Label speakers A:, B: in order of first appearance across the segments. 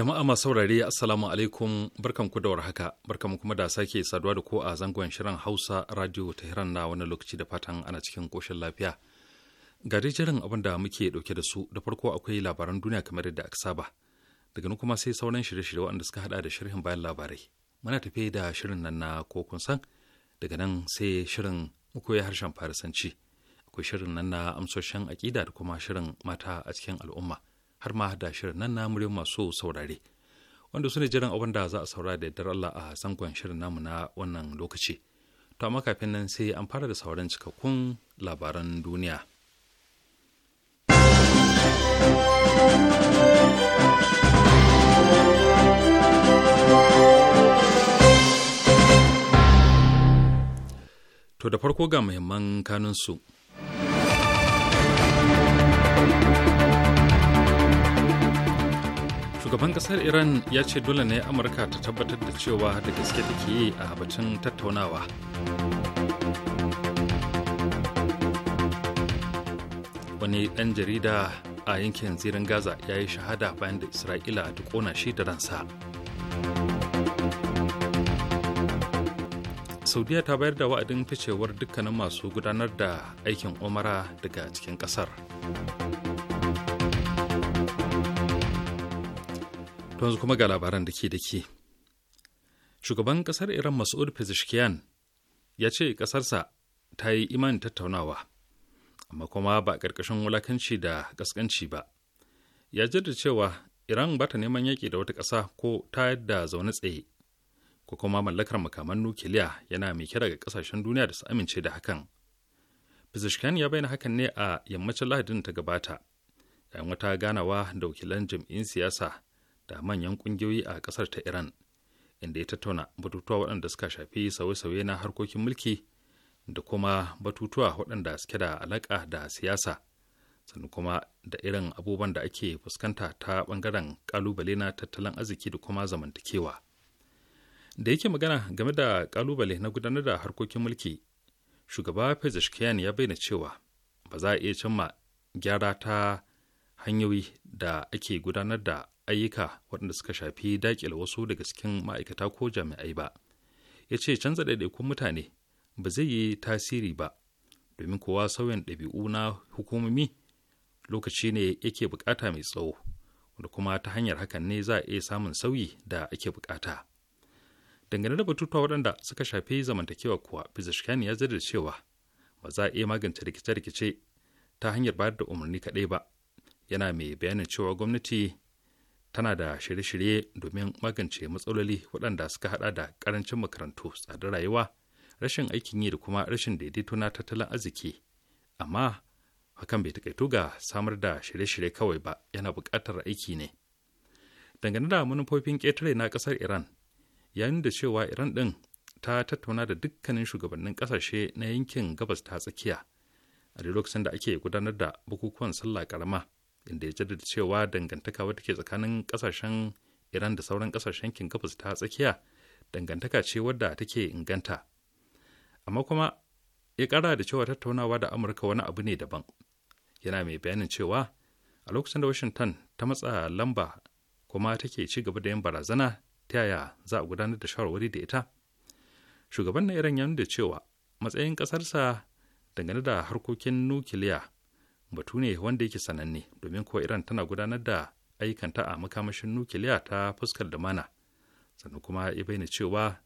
A: Jama'a masu saurare Assalamu alaikum barkanku da warhaka barkanku kuma da sake saduwa da ko a zangon shirin Hausa Radio Tehran na wani lokaci da fatan ana cikin koshin lafiya. Ga jirin abin da muke dauke da su da farko akwai labaran duniya kamar yadda aka saba. Daga nan kuma sai sauran shirye-shirye waɗanda suka hada da shirin bayan labarai. Muna tafe da shirin nan na ko kun san daga nan sai shirin ya harshen Farisanci. Akwai shirin nan na amsoshin aƙida da kuma shirin mata a cikin al'umma. har ma da shirin nan na muryar masu saurare wanda su ne jiran abin da za a saura da yardar Allah a zangon shirin namu na wannan lokaci to amma kafin nan sai an fara da sauran cikakkun labaran duniya To da farko ga muhimman kanunsu. shugaban kasar iran ya ce dole ne amurka ta tabbatar da cewa da gaske take yi a batun tattaunawa wani ɗan jarida a yankin zirin gaza ya yi shahada bayan da isra'ila ta kona shi da ransa saudiya ta bayar da wa'adin ficewar dukkanin masu gudanar da aikin umara daga cikin kasar yanzu kuma ga labaran da ke da ke. Shugaban kasar Iran Mas'ud Pezeshkian ya ce kasarsa ta yi imanin tattaunawa, amma kuma ba ƙarƙashin wulakanci da ƙasƙanci ba. Ya jaddada cewa Iran ba ta neman yaƙi da wata ƙasa ko ta yadda zaune tsaye, ko kuma mallakar makaman nukiliya yana mai kira ga ƙasashen duniya da su amince da hakan. Pezeshkian ya bayyana hakan ne a yammacin Lahadin ta gabata, yayin wata ganawa da wakilan jam'in siyasa da manyan kungiyoyi a kasar ta iran inda ya tattauna batutuwa waɗanda suka shafi sauye-sauye na harkokin mulki da kuma batutuwa waɗanda suke da alaƙa da siyasa sannan kuma da irin abubuwan da ake fuskanta ta ɓangaren ƙalubale na tattalin arziki da kuma zamantakewa da yake magana game da ƙalubale na gudanar da harkokin mulki shugaba pezeshkian ya bayyana cewa ba za a iya cimma gyara ta hanyoyi da ake gudanar da ayyuka waɗanda suka shafi dakile wasu daga cikin ma'aikata ko jami'ai ba ya ce canza ɗaiɗaikun mutane ba zai yi tasiri ba domin kowa sauyin ɗabi'u na hukumomi lokaci ne yake bukata mai tsawo wanda kuma ta hanyar hakan ne za a iya samun sauyi da ake bukata dangane da batutuwa waɗanda suka shafi zamantakewa kuwa bizashkani ya da cewa ba za a iya magance rikice-rikice ta hanyar bayar da umarni kaɗai ba yana mai bayanin cewa gwamnati tana da shirye-shirye domin magance matsaloli waɗanda suka hada da ƙarancin makarantu tsadar rayuwa rashin aikin yi da kuma rashin daidaito na tattalin arziki amma hakan bai takaitu ga samar da shirye-shirye kawai ba yana buƙatar aiki ne dangane da manufofin ƙetare na ƙasar iran yayin da cewa iran ɗin ta tattauna da dukkanin shugabannin ƙasashe na yankin gabas ta tsakiya a lokacin da ake gudanar da bukukuwan sallah ƙarama inda ya jaddada cewa dangantaka wadda ke tsakanin kasashen iran da sauran kasashen kin gabas ta tsakiya dangantaka ce wadda take inganta amma kuma ya kara da cewa tattaunawa da amurka wani abu ne daban yana mai bayanin cewa a lokacin da washington ta matsa lamba kuma take ci gaba da yin barazana ta yaya za a gudanar da shawarwari da ita shugaban na iran ya nuna cewa matsayin ƙasarsa dangane da harkokin nukiliya batu ne wanda yake sananne domin kuwa iran tana gudanar da aikanta a makamashin nukiliya ta fuskar da mana sannan kuma ya bayyana cewa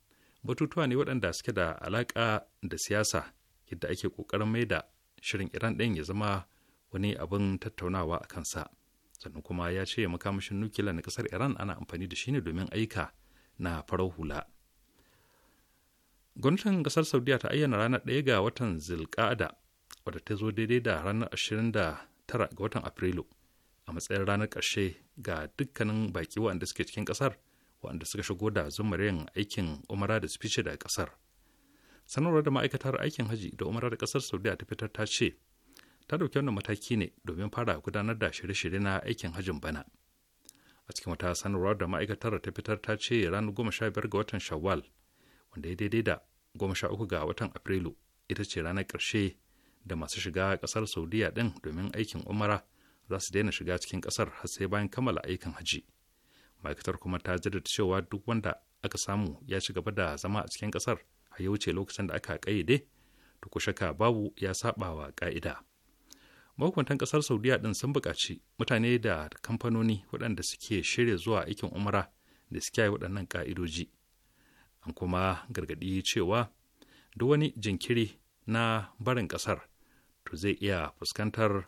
A: batutuwa ne waɗanda suke da alaƙa da siyasa yadda ake ƙoƙarin mai da shirin iran ɗin ya zama wani abin tattaunawa a kansa sannan kuma ya ce makamashin nukiliya na ƙasar iran ana amfani da shi ne domin aika na farar hula gwamnatin ƙasar saudiya ta ayyana ranar ɗaya ga watan zilƙada wadda ta zo daidai da ranar 29 ga watan Afrilu a matsayin ranar ƙarshe ga dukkanin baƙi waɗanda suke cikin ƙasar waɗanda suka shigo da zumarin aikin umara da sufice daga ƙasar. Sanarwar da ma'aikatar aikin haji da umara da ƙasar Saudiya ta fitar ta ce ta ɗauki wannan mataki ne domin fara gudanar da shirye-shirye na aikin hajin bana. A cikin wata sanarwar da ma'aikatar ta fitar ta ce ranar goma sha biyar ga watan Shawwal wanda ya daidai da goma sha uku ga watan Afrilu ita ce ranar ƙarshe da masu shiga kasar saudiya din domin aikin umara za su daina shiga cikin kasar har sai bayan kammala aikin haji ma'aikatar kuma ta jaddada cewa duk wanda aka samu ya ci gaba da zama a cikin kasar a ya wuce lokacin da aka kayyade to ku shaka babu ya saba wa ka'ida mahukuntan kasar saudiya din sun buƙaci mutane da kamfanoni waɗanda suke shirya zuwa aikin umara da suke yi waɗannan ka'idoji an kuma gargaɗi cewa duk wani jinkiri na barin ƙasar wato zai iya fuskantar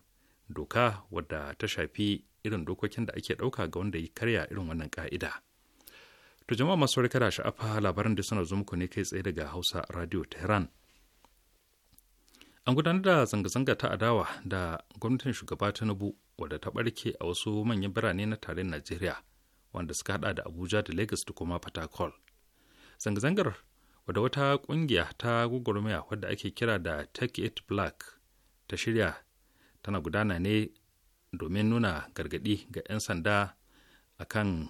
A: doka wadda ta shafi irin dokokin da ake ɗauka ga wanda ya karya irin wannan ka'ida. To jama'a masu kada sha'afa labaran da suna zumku ne kai tsaye daga Hausa Radio Tehran. An gudanar da zanga-zanga ta adawa da gwamnatin shugaba Tinubu wadda ta barke a wasu manyan birane na tarayyar Najeriya wanda suka hada da Abuja da Lagos da kuma Port Zanga-zangar wadda wata kungiya ta gwagwarmaya wadda ake kira da Take It Black ta shirya tana gudana ne domin nuna gargaɗi ga 'yan sanda a kan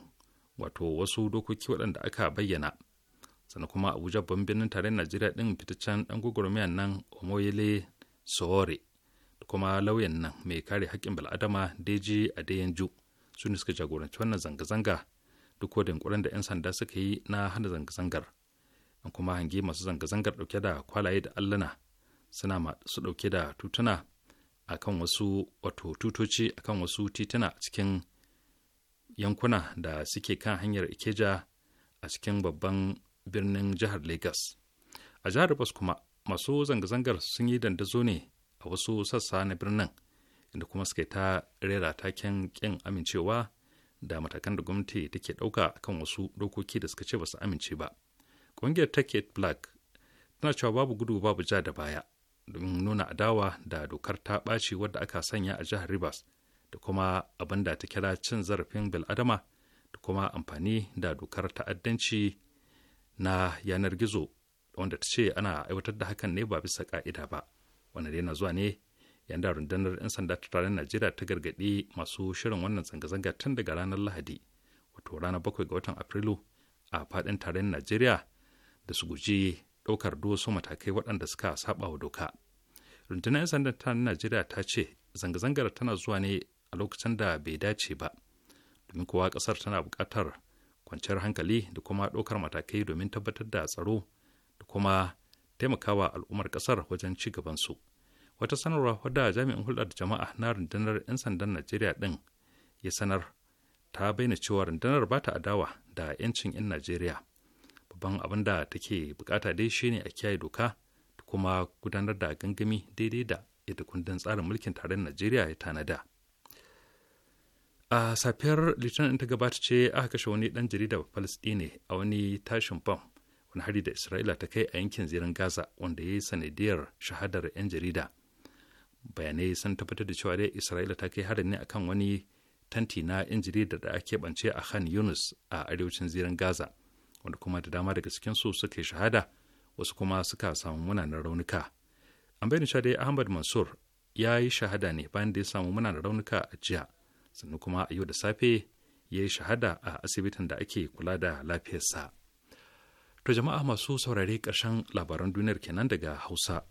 A: wato wasu dokoki waɗanda aka bayyana sannan kuma abuja birnin tare najeriya ɗin fitaccen ɗan gwagwarmayar nan omoyele sowore da kuma lauyan nan mai kare haƙƙin bal'adama deji adeyanju su ne suka jagoranci wannan zanga-zanga duk da yunkurin da 'yan sanda suka yi na hana zanga-zangar an kuma hangi masu zanga-zangar ɗauke da kwalaye da allana suna masu ɗauke da tutuna akan wasu wato tutoci akan wasu tituna cikin yankuna da suke kan hanyar ikeja a cikin babban birnin jihar lagos a jihar bas kuma masu zanga-zangar sun yi dandazo ne a wasu sassa na birnin inda kuma suka ta rera taken kin amincewa da matakan da gwamnati take ɗauka kan wasu dokoki da suka ce ba su amince ba ƙungiyar take black tana cewa babu gudu babu ja da baya domin nuna adawa da dokar ta ɓaci wadda aka sanya a jihar Rivers da kuma abin da ta kira cin zarafin bil'adama da kuma amfani da dokar ta'addanci na yanar gizo wanda ta ce ana aiwatar da hakan ne ba bisa ka'ida ba wanda yana zuwa ne yanda rundunar 'yan sanda ta taron najeriya ta gargaɗi masu shirin wannan zanga-zanga tun daga ranar lahadi wato ranar bakwai ga watan afrilu a faɗin taron najeriya da su guji ɗaukar wasu matakai waɗanda suka saba wa doka rundunar 'yan sandan ta najeriya ta ce zanga-zangar tana zuwa ne a lokacin da bai dace ba domin kowa ƙasar tana buƙatar kwanciyar hankali da kuma ɗaukar matakai domin tabbatar da tsaro da kuma taimakawa al'ummar ƙasar wajen ci gaban su wata sanarwa wadda jami'in hulɗar jama'a na rundunar 'yan sandan najeriya ɗin ya sanar ta bayyana cewa rundunar ba ta adawa da 'yancin 'yan najeriya babban abin da take bukata dai shine a kiyaye doka da kuma gudanar da gangami daidai da yadda kundin tsarin mulkin tarayyar najeriya ya tanada a safiyar litinin ta gabata ce aka kashe wani dan jarida palestine a wani tashin bam wani hari da isra'ila ta kai a yankin zirin gaza wanda ya yi sanadiyar shahadar 'yan jarida bayanai sun tabbatar da cewa dai isra'ila ta kai harin ne akan wani tanti na 'yan jarida da ake bance a khan yunus a arewacin zirin gaza wanda kuma da dama daga cikinsu suka yi shahada wasu kuma suka samu munanan raunuka an bayyana cewa dai ahmad mansur ya yi shahada ne bayan da ya samu munanan raunuka a jiya sannan kuma a yau da safe ya yi shahada a asibitin da ake kula da lafiyarsa to jama'a masu saurare karshen labaran duniyar kenan daga hausa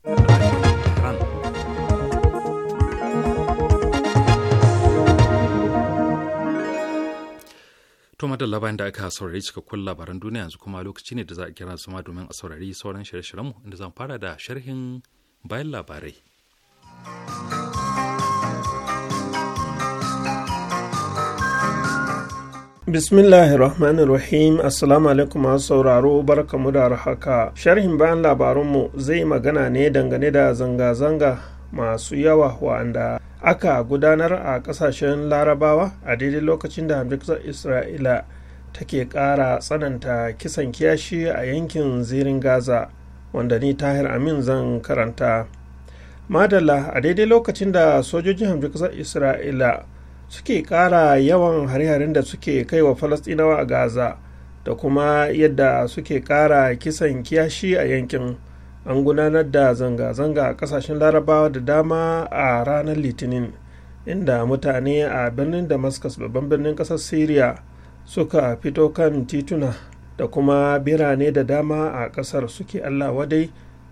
A: To madalla bayan da aka saurari cikakkun labaran duniya yanzu kuma lokaci ne da za a kira su ma domin a saurari sauran shirye-shiryenmu inda zan fara da sharhin bayan labarai.
B: Bismillahir Rahmanir Rahim Assalamu alaikum masu sauraro barkamu da haka. Sharhin bayan labarunmu zai magana ne dangane da zanga-zanga masu yawa wa'anda aka gudanar a kasashen larabawa a daidai lokacin da hamdukar isra'ila take ƙara tsananta kisan kiyashi a yankin zirin gaza wanda ni tahir amin zan karanta madalla a daidai lokacin da sojojin hamdukar isra'ila suke ƙara yawan hare-haren da suke kai wa falastinawa a gaza da kuma yadda suke ƙara kisan kiyashi a yankin an gudanar da zanga-zanga a kasashen larabawa da dama a ranar litinin inda mutane a birnin damascus babban birnin kasar syria suka fito kan tituna da kuma birane da dama a kasar suke allah wadai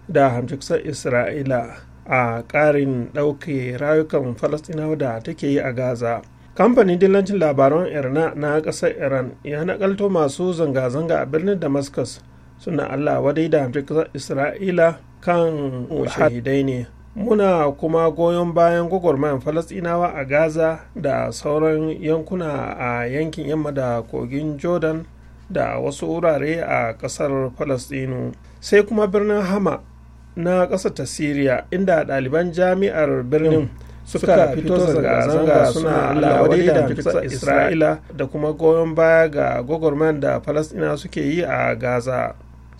B: da hamshiksar isra'ila a karin ɗauke rayukan falastinawa da take yi a gaza kamfanin dillancin labaran irna na ƙasar iran ya nakalto masu zanga-zanga a birnin damascus suna allah wadai da isra'ila kan shahidai ne muna kuma goyon bayan gwagwarmayan falasinawa a gaza da sauran yankuna a yankin yamma da kogin jordan da wasu wurare a kasar falasinu sai kuma birnin hama na ƙasar ta siriya inda ɗaliban jami'ar birnin suka fito zanga-zanga suna alawari da isra'ila da kuma goyon baya ga gwagwarman da falasɗina suke yi a gaza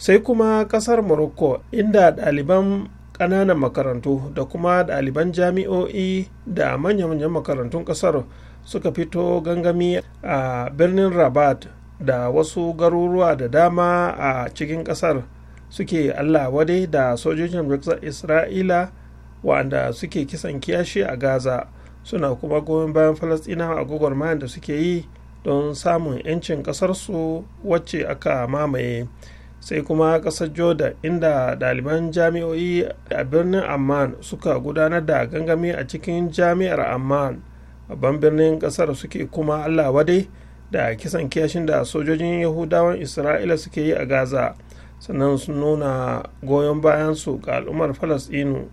B: sai kuma kasar morocco inda ɗaliban ƙananan makarantu da kuma ɗaliban jami'o'i da manya-manyan makarantun ƙasar suka fito gangami a birnin rabat da wasu garuruwa da dama a cikin ƙasar suke allah wadai da sojojin isra'ila wa'anda suke kisan kiyashi a gaza suna kuma goyon bayan falastinawa a gwagwarmayar da suke yi don samun 'yancin ƙasarsu wacce aka mamaye sai kuma kasar jordan inda ɗaliban jami'o'i a birnin amman suka gudanar da gangami a cikin jami'ar amman babban birnin kasar suke kuma allah wadai da kisan kiyashin da sojojin yahudawan isra'ila suke yi a gaza sannan sun nuna goyon bayan su ga al'ummar falasɗinu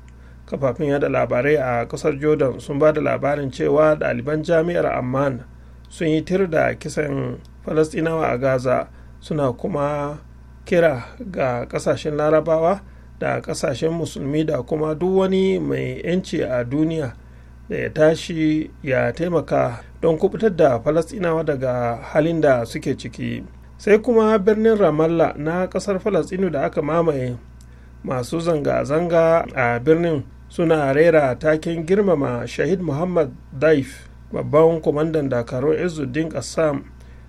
B: kafafin yada labarai a kasar jordan sun ba da labarin cewa ɗaliban jami'ar amman sun yi tir da kisan falasɗinawa a gaza suna kuma kira ga kasashen larabawa da kasashen musulmi da kuma duk wani mai yanci a duniya da ya tashi ya taimaka don kubutar da falasinawa daga halin da suke ciki sai kuma birnin ramallah na kasar falasinu da aka mamaye masu zanga-zanga a birnin suna rera takin girmama shahid muhammad daif babban kwamandan dakarun izuddin kassam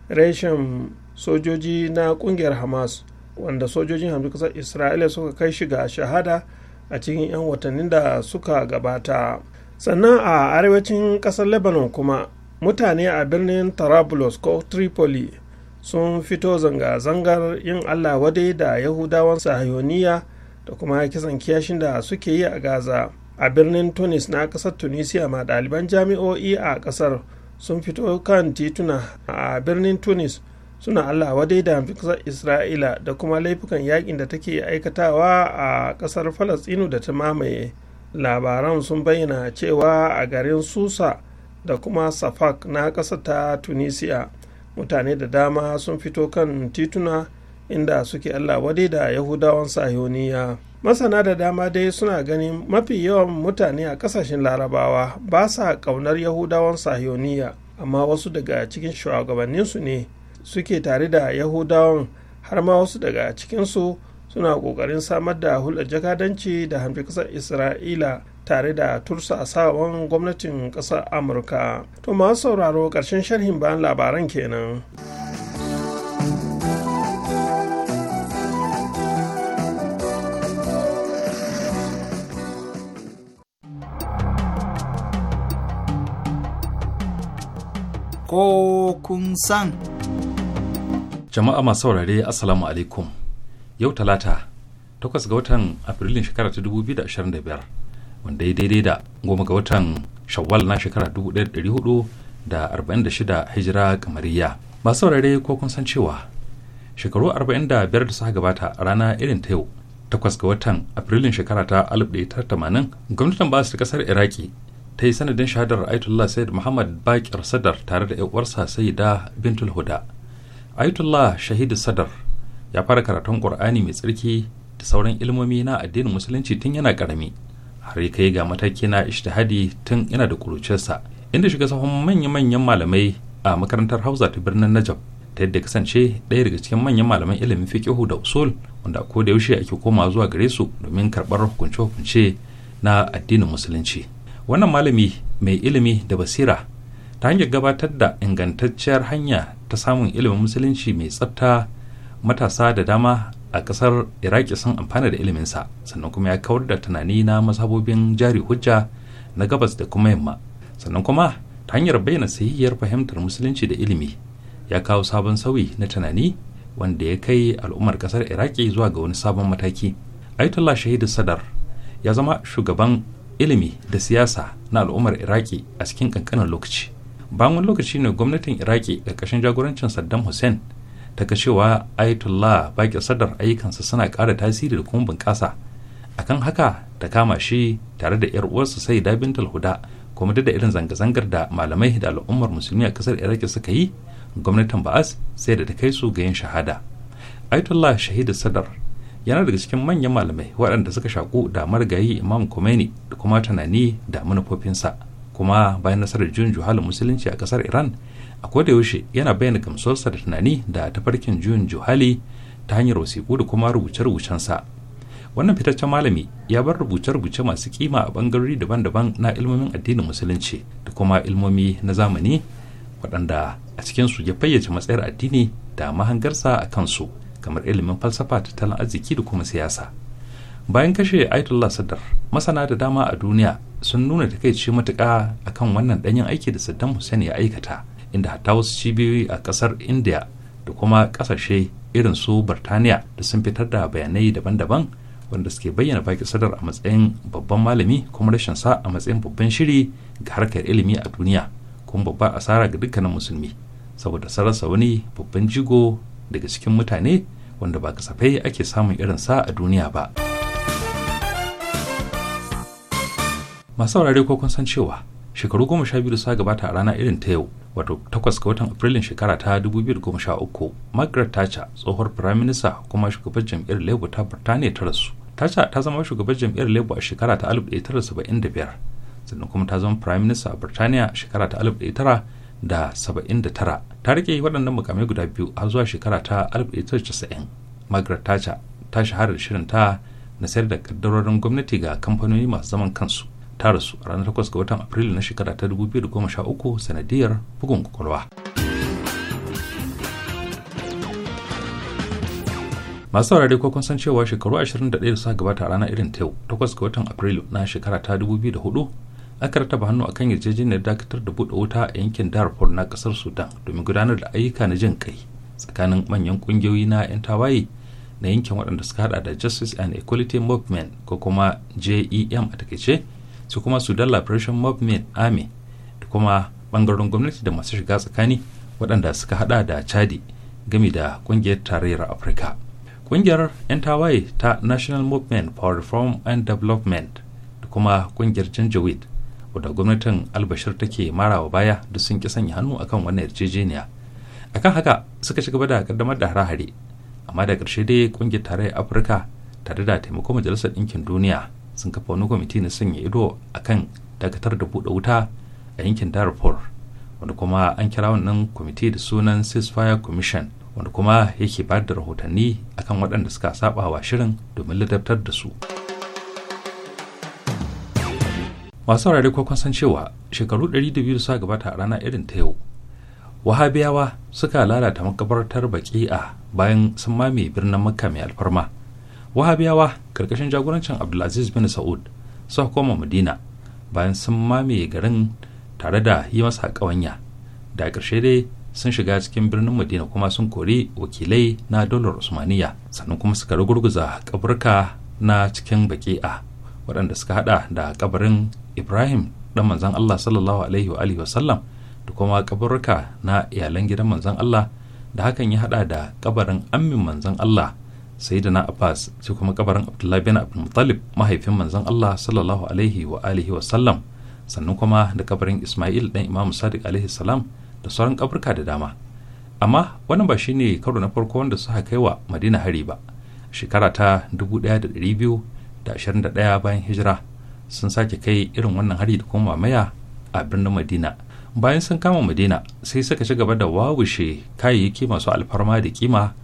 B: reshen sojoji na kungiyar hamas wanda sojojin hamdu kasar isra'ila suka kai shi ga shahada a cikin 'yan watannin da suka gabata sannan a arewacin kasar lebanon kuma mutane a birnin tarablus ko tripoli sun fito zanga-zangar yin allah wadai da yahudawan sahayoniya da kuma kisan kiyashin da suke yi a gaza a birnin tunis na kasar tunisia ma ɗaliban jami'o'i a kasar sun fito kan tituna a birnin tunis suna allah wadai da kasar isra'ila da kuma laifukan yakin da take aikatawa a kasar falasɗinu da ta mamaye labaran sun bayyana cewa a garin susa da kuma safak na ƙasar ta tunisia mutane da dama sun fito kan tituna inda suke allah wadai da yahudawan sahiyoniya masana da dama dai suna ganin mafi yawan mutane a kasashen larabawa ba sa ƙaunar yahudawan sahiyoniya amma wasu daga cikin shugabanninsu ne suke tare da yahudawan har ma wasu daga cikinsu suna ƙoƙarin samar da hulɗar jakadanci da hamfi ƙasar isra'ila tare da tursa a sawan gwamnatin ƙasar amurka to masu sauraro ƙarshen sharhin bayan labaran kenan.
C: ko kun san.
A: jama'a masu saurare assalamu alaikum yau talata 8 ga watan afrilun shekara ta 2025 wanda ya daidai da goma ga watan shawwal na shekara 1446 hijira kamariya masu saurare ko kun san cewa shekaru 45 da suka gabata a rana irin ta yau 8 ga watan afrilun shekara ta 1980 gwamnatin ba ta kasar iraki ta yi sanadin shahadar Aitullah Said Muhammad Bakir Sadar tare da uwarsa Sayyida Bintul Huda ayatollah shahidu sadar ya fara karatun qur'ani mai tsarki da sauran ilmomi na addinin musulunci tun yana karami har ya kai ga mataki na ishtihadi tun yana da kurucinsa inda shiga sahun manya-manyan malamai a makarantar hausa ta birnin najab ta yadda kasance ɗaya daga cikin manyan malaman ilimin fiqihu da usul wanda ko da yaushe ake koma zuwa gare su domin karɓar hukunce-hukunce na addinin musulunci wannan malami mai ilimi da basira ta hanyar gabatar da ingantacciyar hanya ta samun ilimin musulunci mai tsafta matasa da dama a kasar iraki sun amfana da iliminsa sannan kuma ya kawar da tunani na mazhabobin jari hujja na gabas da kuma yamma sannan kuma ta hanyar bayyana sahihiyar fahimtar musulunci da ilimi ya kawo sabon sauyi na tunani wanda ya kai al'ummar kasar iraki zuwa ga wani sabon mataki ayatollah shahidu sadar ya zama shugaban ilimi da siyasa na al'ummar iraki a cikin kankanin lokaci bayan lokaci ne gwamnatin iraki ƙarƙashin jagorancin saddam hussein ta ga cewa ayatollah baki sadar ayyukansa suna ƙara tasiri da kuma bunƙasa akan haka ta kama shi tare da yar uwarsa sai da bintul huda kuma da irin zanga-zangar da malamai da al'ummar musulmi a kasar iraki suka yi gwamnatin ba'as sai da ta kai su ga yin shahada ayatollah shahidu sadar yana daga cikin manyan malamai waɗanda suka shaku da marigayi imam khomeini da kuma tunani da manufofinsa kuma bayan nasarar juyin juhalin musulunci a kasar iran a yaushe yana bayyana gamsuwarsa da tunani da tafarkin juyin juhali ta hanyar wasiƙu da kuma rubuce rubucen sa wannan fitaccen malami ya bar rubuce-rubuce masu kima a bangarori daban-daban na ilmomin addinin musulunci da kuma ilmomi na zamani waɗanda a cikin su ya fayyace matsayar addini da mahangarsa a kansu kamar ilimin falsafa tattalin arziki da kuma siyasa bayan kashe aitullah sadar masana da dama a duniya sun nuna takaici matuƙa kan wannan ɗanyen aiki da saddam hussein ya aikata inda hatta wasu cibiyoyi a ƙasar india da kuma ƙasashe irin su birtaniya da sun fitar da bayanai daban-daban wanda suke bayyana baki sadar a matsayin babban malami kuma rashin sa a matsayin babban shiri ga harkar ilimi a duniya kuma babba asara ga dukkanin musulmi saboda sararsa wani babban jigo daga cikin mutane wanda ba kasafai ake samun irin sa a duniya ba. masu saurare ko kun san cewa shekaru goma sha biyu suka gabata a rana irin ta yau wato takwas ga watan afrilun shekara ta 2013 margaret thatcher tsohuwar firaminista kuma shugabar jam'iyyar labour ta birtaniya ta rasu thatcher ta zama shugabar jam'iyyar labour a shekara ta 1975 sannan kuma ta zama firaminista a birtaniya a shekara ta 1979 ta rike waɗannan mukamai guda biyu har zuwa shekara ta 1990 margaret thatcher ta shahara da shirin ta na sayar da kaddarorin gwamnati ga kamfanoni masu zaman kansu ta rasu a ranar 8 ga watan Afrilu na shekara ta 2013 sanadiyar bugun kwakwalwa. masu saurare ko kun san cewa shekaru 21 da suka gabata a ranar irin ta yau 8 ga watan Afrilu na shekara ta 2004 aka rataba hannu akan yarjejeniyar dakatar da buɗe wuta a yankin Darfur na kasar Sudan domin gudanar da ayyuka na jin kai tsakanin manyan ƙungiyoyi na 'yan tawaye na yankin waɗanda suka hada da Justice and Equality Movement ko kuma JEM a takaice su kuma sudan liberation movement army da kuma bangaren gwamnati da masu shiga tsakani waɗanda suka hada da chadi gami da ƙungiyar tarayyar afirka ƙungiyar 'yan tawaye ta national movement for reform and development da kuma ƙungiyar janjaweed wadda gwamnatin albashir take marawa baya da sun ki sanya hannu akan wannan yarjejeniya akan haka suka ci gaba da kaddamar da hare-hare amma da ƙarshe dai ƙungiyar tarayyar afirka tare da taimako majalisar ɗinkin duniya sun kafa wani kwamiti na sanya ido a kan dakatar da buɗe wuta a yankin darfur wanda kuma an kira wannan kwamiti da sunan ceasefire commission wanda kuma yake bayar da rahotanni akan waɗanda suka saba wa shirin domin ladabtar da su masu saurare kwakwan san cewa shekaru 200 suka gabata a rana irin ta yau wahabiyawa suka lalata makabartar baki a bayan sun mame birnin makka mai alfarma wahabiyawa karkashin jagorancin abdulaziz bin sa'ud suka koma madina bayan sun mamaye garin tare da yi masa ƙawanya da ƙarshe dai sun shiga cikin birnin madina kuma sun kori wakilai na dollar usmaniya sannan kuma suka rugurguza kaburka na cikin baki'a waɗanda suka hada da kabarin ibrahim dan manzan allah sallallahu alaihi wa wasallam da kuma kaburka na iyalan gidan manzan allah da hakan ya hada da kabarin ammin manzan allah sayyidina abbas sai kuma kabarin abdullahi bin muttalib mahaifin manzon allah sallallahu alaihi wa alihi wa sallam sannan kuma da kabarin ismail dan imam sadiq alaihi salam da sauran kaburka da dama amma wannan ba shine karo na farko wanda suka kai wa madina hari ba shekara ta 1221 bayan hijira sun sake kai irin wannan hari da kuma mamaya a birnin madina bayan sun kama madina sai suka ci gaba da wawushe kayayyaki masu alfarma da kima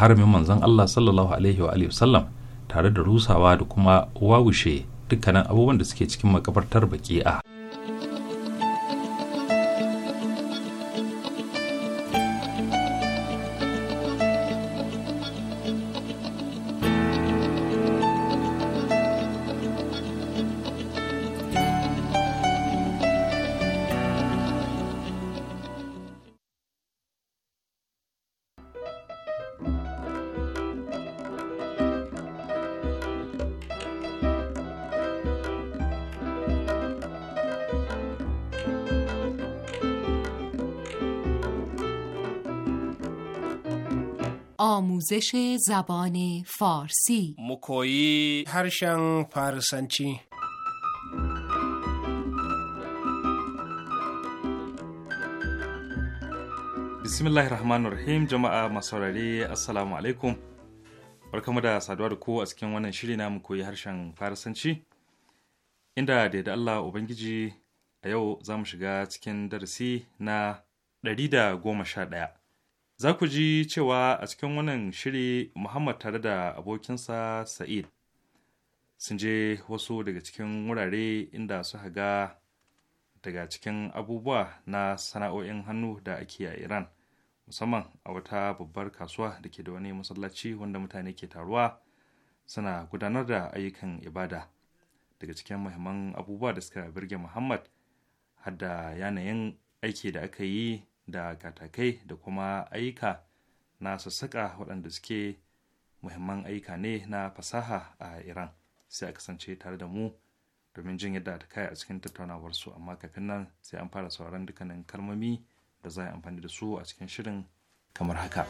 A: haramin manzon Allah sallallahu alaihi wa alihi wasallam tare da rusawa da kuma wawushe dukkanin abubuwan da suke cikin makabartar baki'a.
D: آموزش زبان فارسی
E: مکویی هرشن فارسنچی
A: بسم الله الرحمن الرحیم جماعه مساراری السلام علیکم barkamu da saduwa da ku a cikin wannan shiri na koyi harshen farisanci inda da Allah ubangiji a yau za mu shiga cikin darasi na 111 Za ku ji cewa a cikin wannan shiri Muhammad tare da abokinsa Sa'id sun je wasu daga cikin wurare inda suka ga daga cikin abubuwa na sana'o'in hannu da ake a Iran musamman a wata babbar kasuwa da ke da wani masallaci wanda mutane ke taruwa suna gudanar da ayyukan ibada daga cikin muhimman abubuwa da suka birge Muhammad hadda yanayin aiki da aka yi da katakai da kuma aika na sassaƙa waɗanda suke muhimman aika ne na fasaha a iran sai a kasance tare da mu domin jin yadda ta kai a cikin tattaunawar su amma kafin nan sai an fara sauran dukkanin kalmomi da za a yi amfani da su a cikin shirin kamar haka.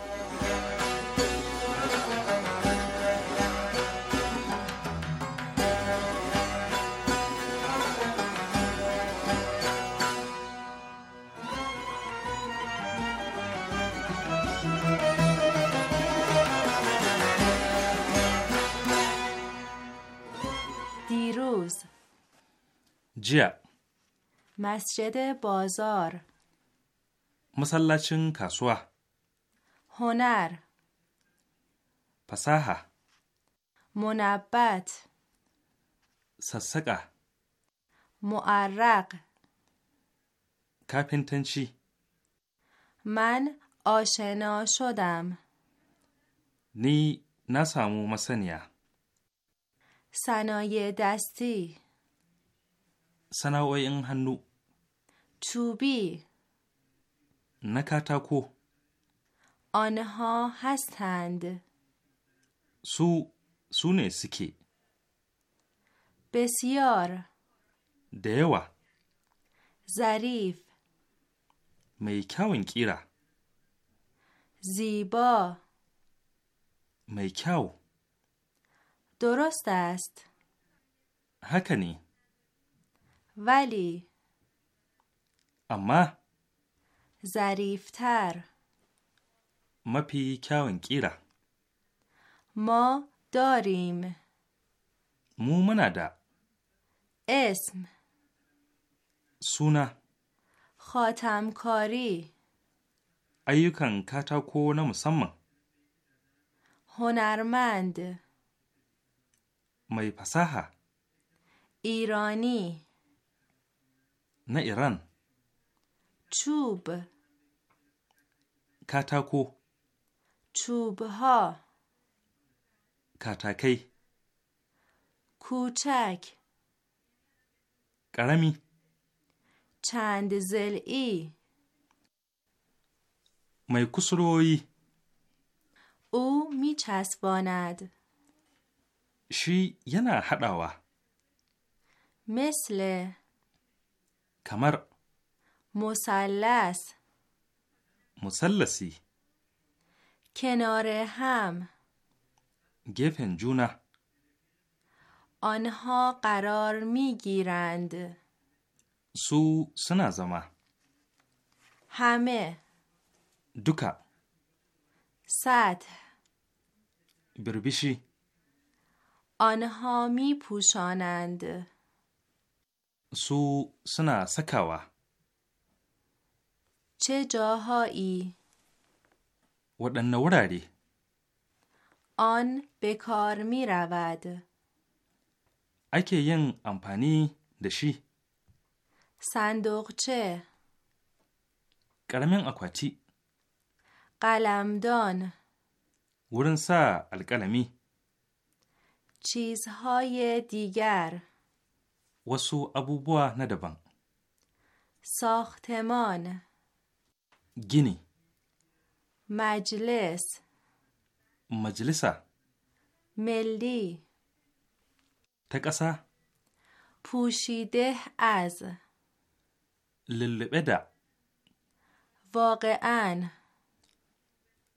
D: مسجد بازار
A: مسلچن کاسوا هنر fasaha
D: منبت sassaƙa معرق
A: کپنتنچی
D: من آشنا شدم
A: نی نسامو مسنیا
D: صنایع دستی
A: sana'o'in hannu. To Na katako.
D: Onha hastand.
A: Su, su ne suke.
D: Besiyar. Da yawa. Zarif.
A: Mai kyawun kira.
D: Ziba.
A: Mai kyau. Durust Haka ne.
D: ولی اما ظریفتر
A: پی کون کیرا
D: ما داریم
A: مو منادا اسم سونا
D: خاتمکاری
A: ایوکن کتا نه مسمم
D: هنرمند
A: مای پساها
D: ایرانی na Iran. Tub.
A: Katako.
D: Tubha.
A: Katakai.
D: Kutak. Karami. Chandzel'i.
A: Mai kusuroyi.
D: U mi chasbonad.
A: Shi yana haɗawa.
D: Misle. کمر مثلث
A: مثلثی
D: کنار هم
A: گفن جونه
D: آنها قرار می گیرند
A: سو سنا
D: همه دوکا سطح
A: بربیشی
D: آنها می پوشانند
A: su suna sakawa.
D: Ce jahai
A: waɗanne wurare?
D: On bekar mirawad.
A: Ake yin amfani da shi.
D: Sandokce.
A: Ƙaramin akwati.
D: Ƙalamdon.
A: Wurin sa alƙalami.
D: Cheese haye digar.
A: وسو بوا ندبن
D: ساختمان گینی مجلس
A: مجلسه
D: ملی تکسه پوشیده از
A: للبدا
D: واقعا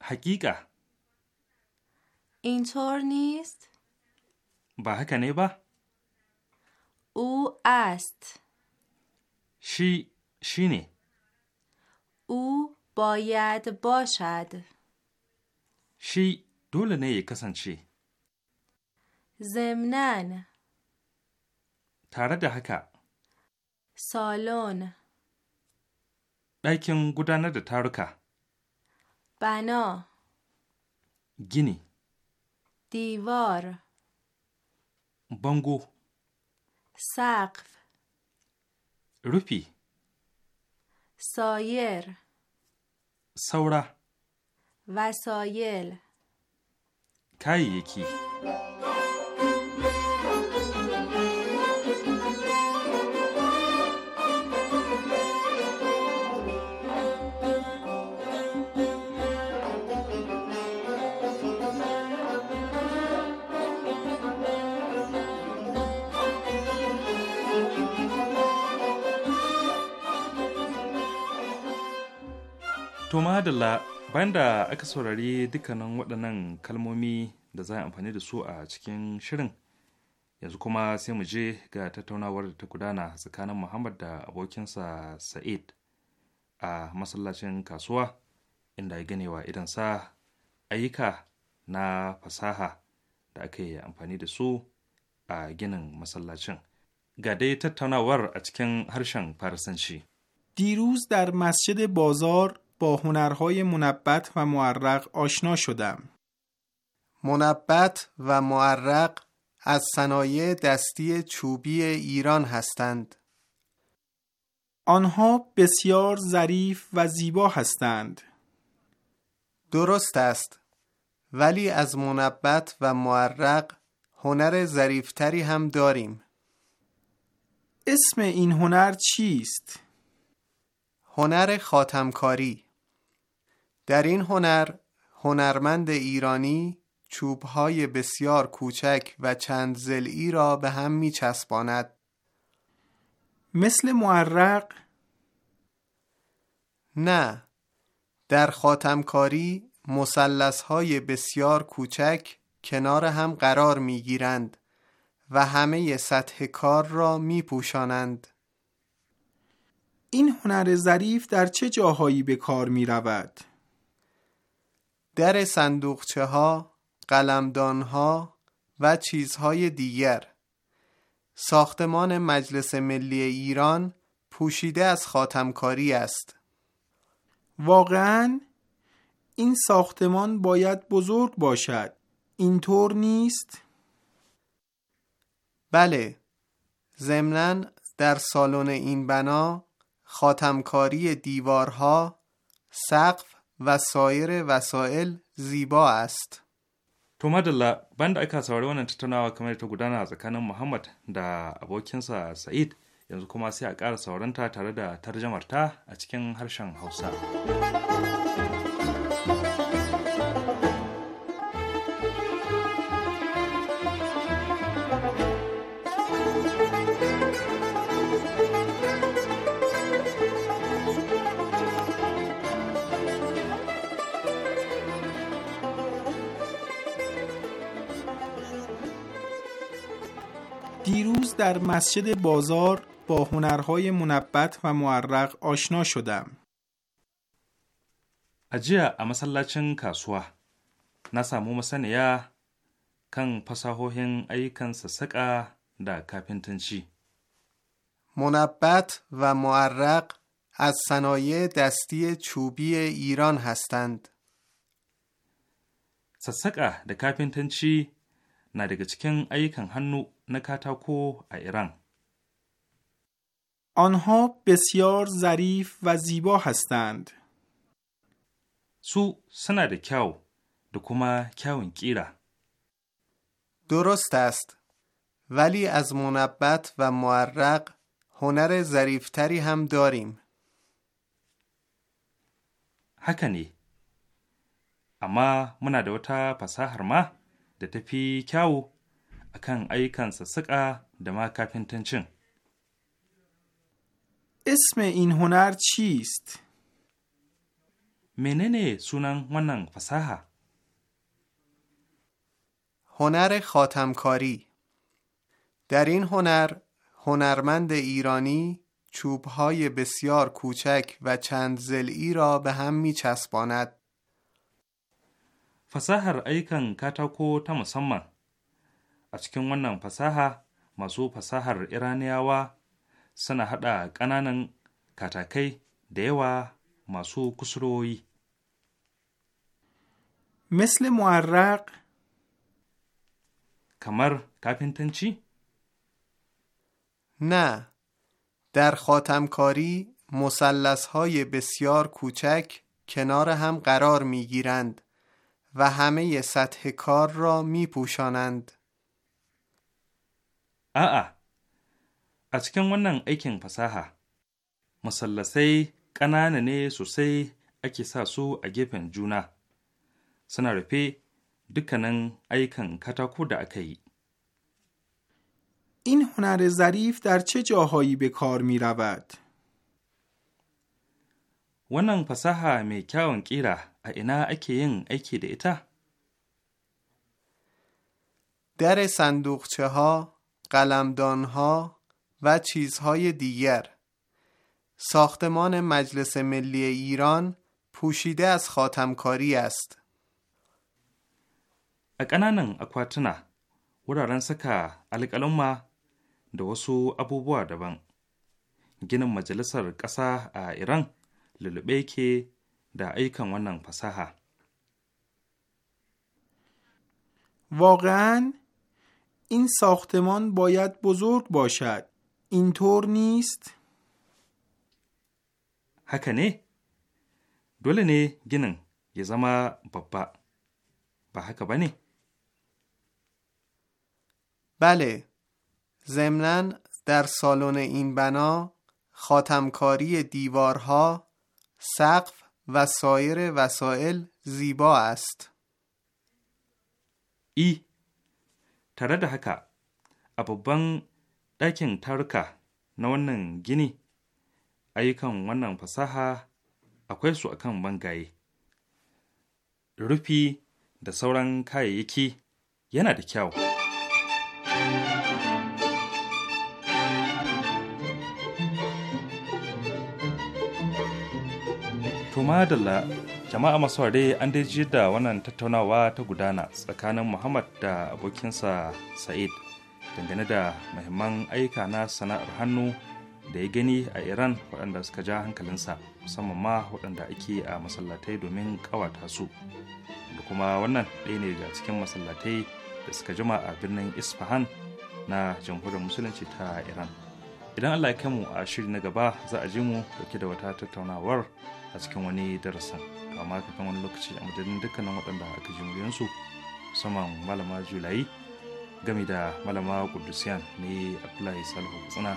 A: حقیقه
D: اینطور نیست؟
A: با هکنه با؟
D: او است
A: شی شینه
D: او باید باشد
A: شی دول نه کسان شی
D: زمنان
A: تاره ده هکا
D: سالن
A: ɗakin gudanar da taruka.
D: Bana. Gini. Divar. Bango. سقف روپی سایر سورا وسایل
A: کایکی To madalla banda aka saurari dukkanin waɗannan kalmomi da za a amfani da su a cikin shirin yanzu kuma sai mu je ga tattaunawar da ta gudana tsakanin Muhammad da abokinsa Sa'id a masallacin kasuwa inda ya wa idansa ayyuka na fasaha da aka yi amfani da su a ginin masallacin. Ga dai tattaunawar a cikin harshen Farisanci.
F: دیروز dar masjid bazar با
G: هنرهای منبت و معرق آشنا شدم. منبت و معرق از صنایع دستی چوبی ایران هستند. آنها بسیار ظریف و زیبا هستند. درست است. ولی از منبت و معرق هنر ظریفتری هم داریم. اسم این هنر چیست؟ هنر خاتمکاری در این هنر هنرمند ایرانی چوبهای بسیار کوچک و چند زلی را به هم می چسباند مثل معرق؟ نه در خاتمکاری مسلس بسیار کوچک کنار هم قرار می گیرند و همه سطح کار را می پوشانند. این هنر ظریف در چه جاهایی به کار می رود؟ در صندوقچه ها، قلمدان ها و چیزهای دیگر ساختمان مجلس ملی ایران پوشیده از خاتمکاری است واقعا این ساختمان باید بزرگ باشد اینطور نیست؟ بله ضمنا در سالن این بنا خاتمکاری دیوارها سقف و سایر وسایل زیبا است. To madalla
A: banda aka saurari wannan tattaunawa kamar ta gudana tsakanin Muhammad da abokinsa Sa'id yanzu kuma sai a ƙara sauranta tare da tarjamarta a cikin harshen Hausa.
F: در مسجد بازار با هنرهای منبت و معرق آشنا شدم.
A: اجیا ا masallacin kasuwa na samu masaniya kan fasahohin ayyukan sassaƙa da kafintanci.
G: منبت و معرق از صنایع دستی چوبی ایران هستند.
A: سسقه da kafintanci
F: na daga cikin ayyukan hannu na katako a Iran. آنها بسیار ظریف و زیبا هستند.
G: سو سنا د کیاو د کوما کیاون کیرا. درست است. ولی از منبت و معرق هنر ظریفتری هم داریم.
A: هکنی. اما منا د وتا فساهر ما da ta که او a kan ayyukan sassaƙa da ma
F: اسم این هنر چیست؟
G: مننه سونن ونن هنر خاتمکاری در این هنر هنرمند ایرانی چوبهای بسیار کوچک و چند زلعی را به هم می چسباند
A: fasahar aikan katako ta musamman a cikin wannan fasaha masu fasahar iraniyawa suna haɗa ƙananan katakai da yawa masu kusurwoyi misli معرق
G: Kamar kafintanci? Na: در خاتمکاری مسلس های بسیار کوچک کنار هم قرار می گیرند و همه سطح کار را می پوشانند. a'a a cikin wannan
A: aikin fasaha masallasai ƙanana ne sosai ake sa su a gefen juna suna rufe dukkanin aikan
F: katako da aka yi این هنر ظریف در چه جاهایی به کار می رود؟ wannan fasaha mai
A: kyawun ƙira a ina ake yin aiki da ita?
G: در صندوقچه ها، قلمدان ها و چیزهای دیگر ساختمان مجلس ملی ایران پوشیده از خاتمکاری است. a ƙananan akwatuna
A: wuraren saka alƙalumma da wasu abubuwa daban ginin majalisar ƙasa a iran للبه که در ایکن ونن
F: واقعا این ساختمان باید بزرگ باشد اینطور نیست haka ne dole
A: ne ginin ya zama babba ba
G: بله ضمنا در سالن این بنا خاتمکاری دیوارها سقف و سایر وسایل زیبا
A: tare da haka a babban ɗakin taruka na wannan gini ayyukan wannan fasaha akwai su akan mangaye rufi da sauran kayayyaki yana da kyau. To madalla jama'a masu ware an daji da wannan tattaunawa ta gudana tsakanin Muhammad da abokinsa Sa'id dangane da mahimman aika na sana'ar hannu da ya gani a Iran waɗanda suka ja hankalinsa musamman ma waɗanda ake a masallatai domin kawata su da kuma wannan ɗaya ne da cikin masallatai da suka jima a birnin Isfahan na jamhuriyar musulunci ta Iran. Idan Allah ya mu a shiri na gaba za a ji mu dauke da wata tattaunawar a cikin wani darasin amma kafin wani lokaci a madadin dukkanin waɗanda aka ji muryansu musamman malama julai gami da malama kudusiyan ne a abdullahi salihu kutsuna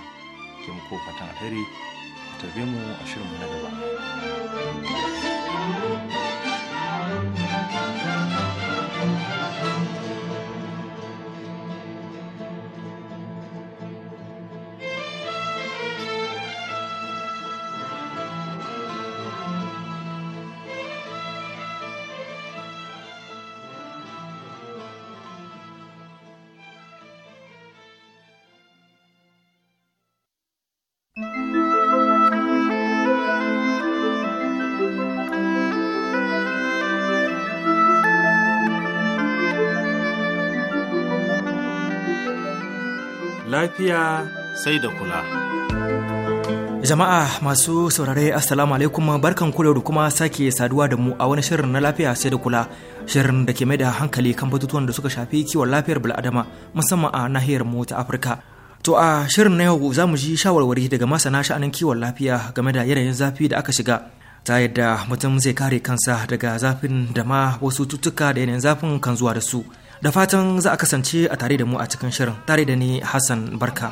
A: ke muku fatan alheri a tarbe mu a shirin na gaba lafiya sai da kula.
H: Jama'a masu saurare Assalamu alaikum barkan kula da kuma sake saduwa da mu a wani shirin na lafiya sai da kula shirin da ke mai da hankali kan batutuwan da suka shafi kiwon lafiyar bil'adama musamman a nahiyar mu ta Afirka. To a shirin na yau za mu ji shawarwari daga masana sha'anin kiwon lafiya game da yanayin zafi da aka shiga ta yadda mutum zai kare kansa daga zafin da ma wasu tutuka da yanayin zafin kan zuwa da su. da fatan za a kasance a tare da mu a cikin shirin tare da ni Hassan Barka.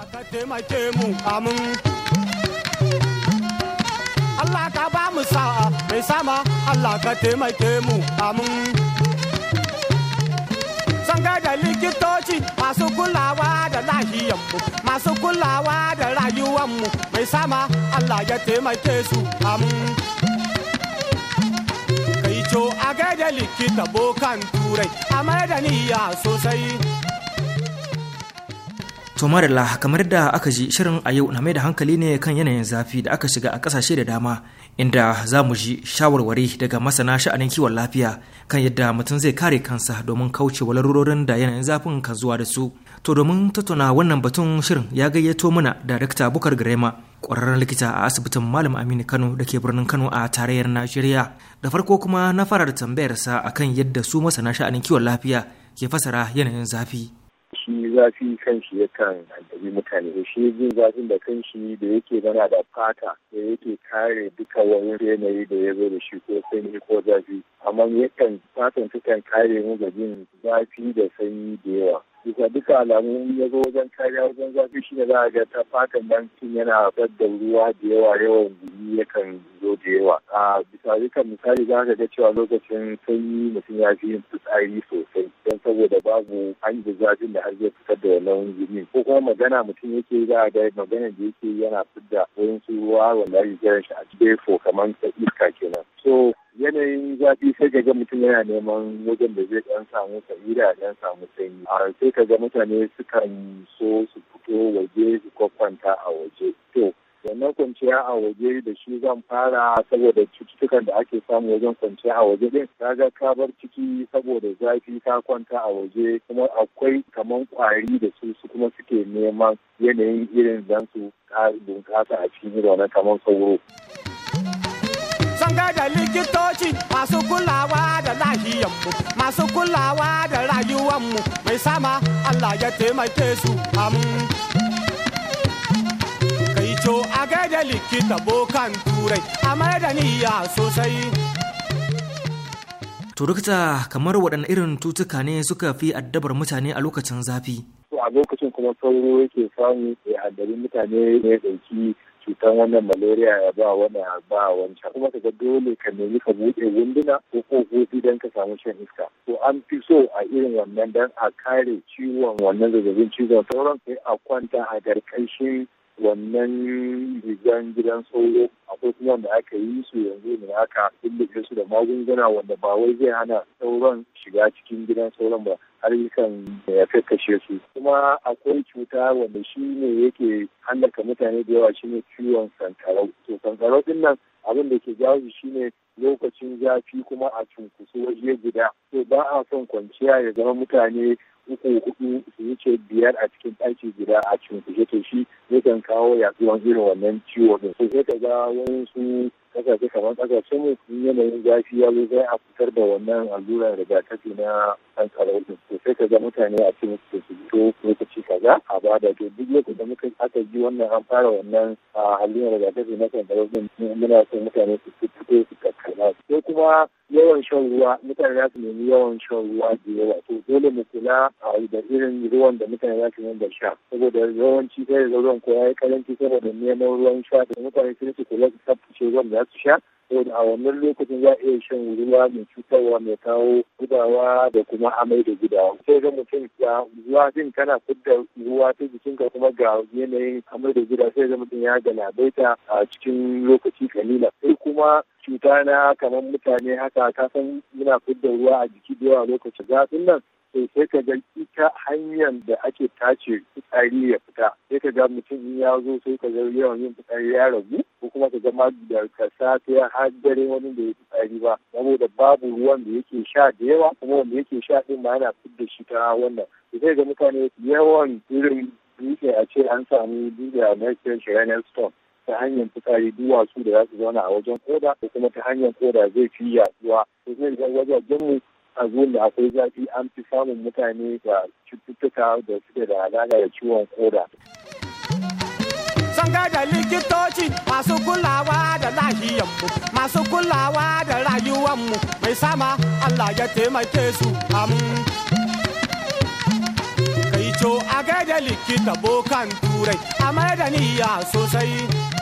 I: Allah ka ba mu sa'a mai sama Allah ka taimake mu amin. Zan da likitoci masu kulawa da lahiyanmu masu kulawa da rayuwanmu mai sama Allah ya taimake su amin. a gaida likita bokan turai a da niyya sosai
H: to marilla kamar da aka ji shirin a yau na mai da hankali ne kan yanayin zafi da aka shiga a kasashe da dama inda za mu ji shawarwari daga masana sha'anin kiwon lafiya kan yadda mutum zai kare kansa domin kauce wa larurorin da yanayin zafin kan zuwa da su To domin tattauna wannan batun shirin ya gayyato mana darakta Bukar Girema ƙwararren likita a asibitin Malam Aminu Kano da ke birnin Kano a tarayyar Najeriya. Da farko kuma na fara da tambayarsa akan yadda su masana sha'anin kiwon lafiya ke fasara yanayin zafi.
J: Shi zafi kanshi yakan addabi mutane da shi jin zafin da kanshi da yake zana da fata da yake kare duka wani yanayi da ya zo da shi ko sanyi ko zafi amma yakan fatan sukan kare mu ga jin zafi da sanyi da yawa bisa duka alamu ya zo wajen kariya wajen zafi shi ne za a ga ta fatan nan tun yana fadda ruwa da yawa yawan gumi yakan zo da yawa a bisa duka misali za ka ga cewa lokacin sanyi mutum ya fi yin fitsari sosai don saboda babu an zafin da har zai fitar da wannan gumi ko kuma magana mutum yake za a ga magana da yake yana fidda wayansu ruwa wanda ake shi a cikin kamar ta iska kenan so yanayin zafi sai ka ga mutum yana neman wajen da zai dan samu sa'ida dan samu sanyi a sai ka ga mutane sukan so su fito waje su kwakwanta a waje to wannan kwanciya a waje da shi zan fara saboda cututtukan da ake samu wajen kwanciya a waje din kaga ka bar ciki saboda zafi ka kwanta a waje kuma akwai kaman kwari da su su kuma suke neman yanayin irin zan su bunkasa a cikin irin kamar kaman sauro.
I: sanga da likitoci masu kulawa da lahiyanmu masu kulawa da rayuwanmu mai sama Allah ya taimake su kai co a da likita bokan turai a da niyya sosai
H: to kamar waɗanne irin tutuka ne suka fi addabar mutane a lokacin zafi
J: a lokacin kuma sauro yake samu ya addari mutane ne dauki cutar wannan malaria ya ba wani ya ba wancan kuma kaga dole ka nemi ka buɗe wunduna ko kofofi don ka samu shan iska ko an fi so a irin wannan dan a kare ciwon wannan zazzabin cizon sauran sai a kwanta a garkashin wannan rigan gidan sauro akwai kuma wanda aka yi su yanzu ne aka lullube su da magunguna wanda ba wai zai hana sauran shiga cikin gidan sauron ba har yi kan ya kashe su kuma akwai cuta wanda shi ne yake hallaka mutane da yawa shi ne ciwon sankarau to sankarau din nan abin da ke jawo shi ne lokacin zafi kuma a cunkusu waje gida. to ba a son kwanciya ya zama mutane uku hudu su wuce biyar a cikin ɗaki guda a cikin to shi yakan kawo yaduwan irin wannan ciwo din sai ka ga wani su kasashe kamar kasashen mu in yanayin zafi ya zo zai a fitar da wannan allurar rigakafi na sankarau din to sai ka ga mutane a cikin su su ka lokaci kaza a da to duk lokacin da muka aka ji wannan an fara wannan allurar rigakafi na sankarau din muna son mutane su fito su karkara sai kuma yawan shan ruwa mutane za su nemi yawan shan ruwa da yawa to dole mu kula da irin ruwan da mutane za su da sha saboda yawanci sai da ruwan ko ya yi karanci saboda neman ruwan sha da mutane sun su kula su tsaftace ruwan da su sha saboda a wannan lokacin za a iya shan ruwa mai cutarwa mai kawo gudawa da kuma amai da gudawa sai ga mutum ya ruwa jin kana fidda ruwa ta jikinka kuma ga yanayin amai da gudawa sai ga mutum ya galabaita a cikin lokaci kalila sai kuma cuta na kamar mutane haka kasan muna fidda ruwa a jiki da yawa lokacin zafin nan sai sai ka ga ita hanyar da ake tace fitsari ya fita sai ka ga mutum in ya zo sai ka ga yawan yin fitsari ya ragu ko kuma ka ga ma da kasa ta ya haddare wani da ya fitsari ba saboda babu ruwan da yake sha da yawa kuma wanda yake sha din ma yana fidda shi ta wannan sai ga mutane yawan irin dutse a ce an samu dutse a mercury shiranen stone ta hanyar fitsari duwatsu da za su zauna a wajen koda ko kuma ta hanyar koda zai fi yaduwa sai zai ga wajajen mu a zuwan da akwai zafi an fi samun mutane da cututtuka da suke da alaƙa da ciwon koda.
I: Sun da likitoci masu kulawa da lahiyanmu, masu kulawa da rayuwanmu mai sama Allah ya taimake su am. Kai co a gaida likita bokan turai, a da niyya sosai.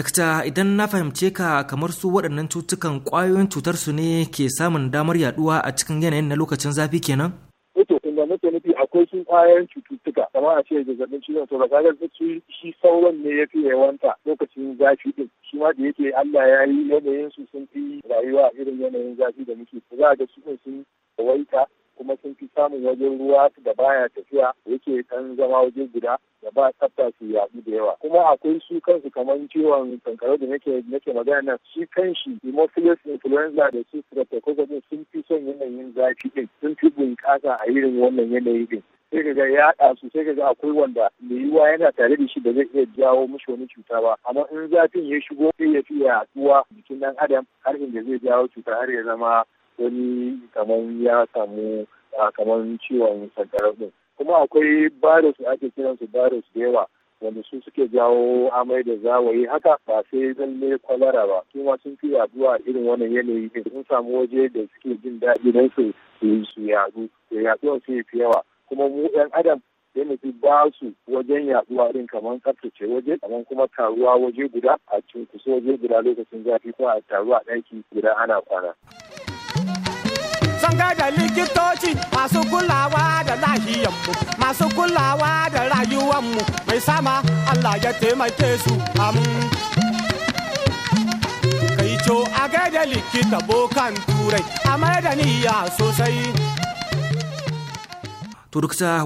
H: Dakta idan na fahimce ka kamar su waɗannan cutukan ƙwayoyin cutar su ne ke samun damar yaduwa a cikin yanayin na lokacin zafi kenan? Eto,
J: eh inda na nufi akwai sun ƙwayoyin cututtuka kamar a ce zazzabin cizon sauro kaga su shi sauran ne ya fi yawanta lokacin zafi din shi ma da yake Allah ya yi yanayin su sun fi rayuwa irin yanayin zafi da muke za a ga su sun yawaita kuma sun fi samun wajen ruwa da baya tafiya yake kan zama waje guda da ba tsafta su yaɗu da yawa kuma akwai su kansu kamar ciwon kankarau da nake nake magana nan shi kanshi hemophilus influenza da su streptococcus sun fi son yanayin zafi din sun fi bunƙasa a irin wannan yanayi din sai ga ya haɗa su sai ga akwai wanda mai yiwuwa yana tare da shi da zai iya jawo mishi wani cuta ba amma in zafin ya shigo sai ya fi yaduwa jikin ɗan adam har inda zai jawo cuta har ya zama wani kamar ya samu ah, kamar ciwon sankara din kuma akwai virus da ake kiran su virus da yawa wanda su suke jawo amai da zawayi haka ba sai zalle kwalara ba su ma sun fi yaduwa irin wannan yanayi ne sun samu waje da suke jin daɗi don su su yadu da yaduwa su fi yawa kuma mu yan adam ya nufi ba su wajen yaduwa din kamar tsaftace waje kamar kuma taruwa waje guda a kusa waje guda lokacin zafi kuma a taruwa ɗaki guda ana kwana.
I: gai da likitoci masu kulawa da lahiyanmu masu kulawa da rayuwanmu mai sama Allah ya taimake su amin. Kai co a gai likita bokan turai a mai da niyya sosai.
H: To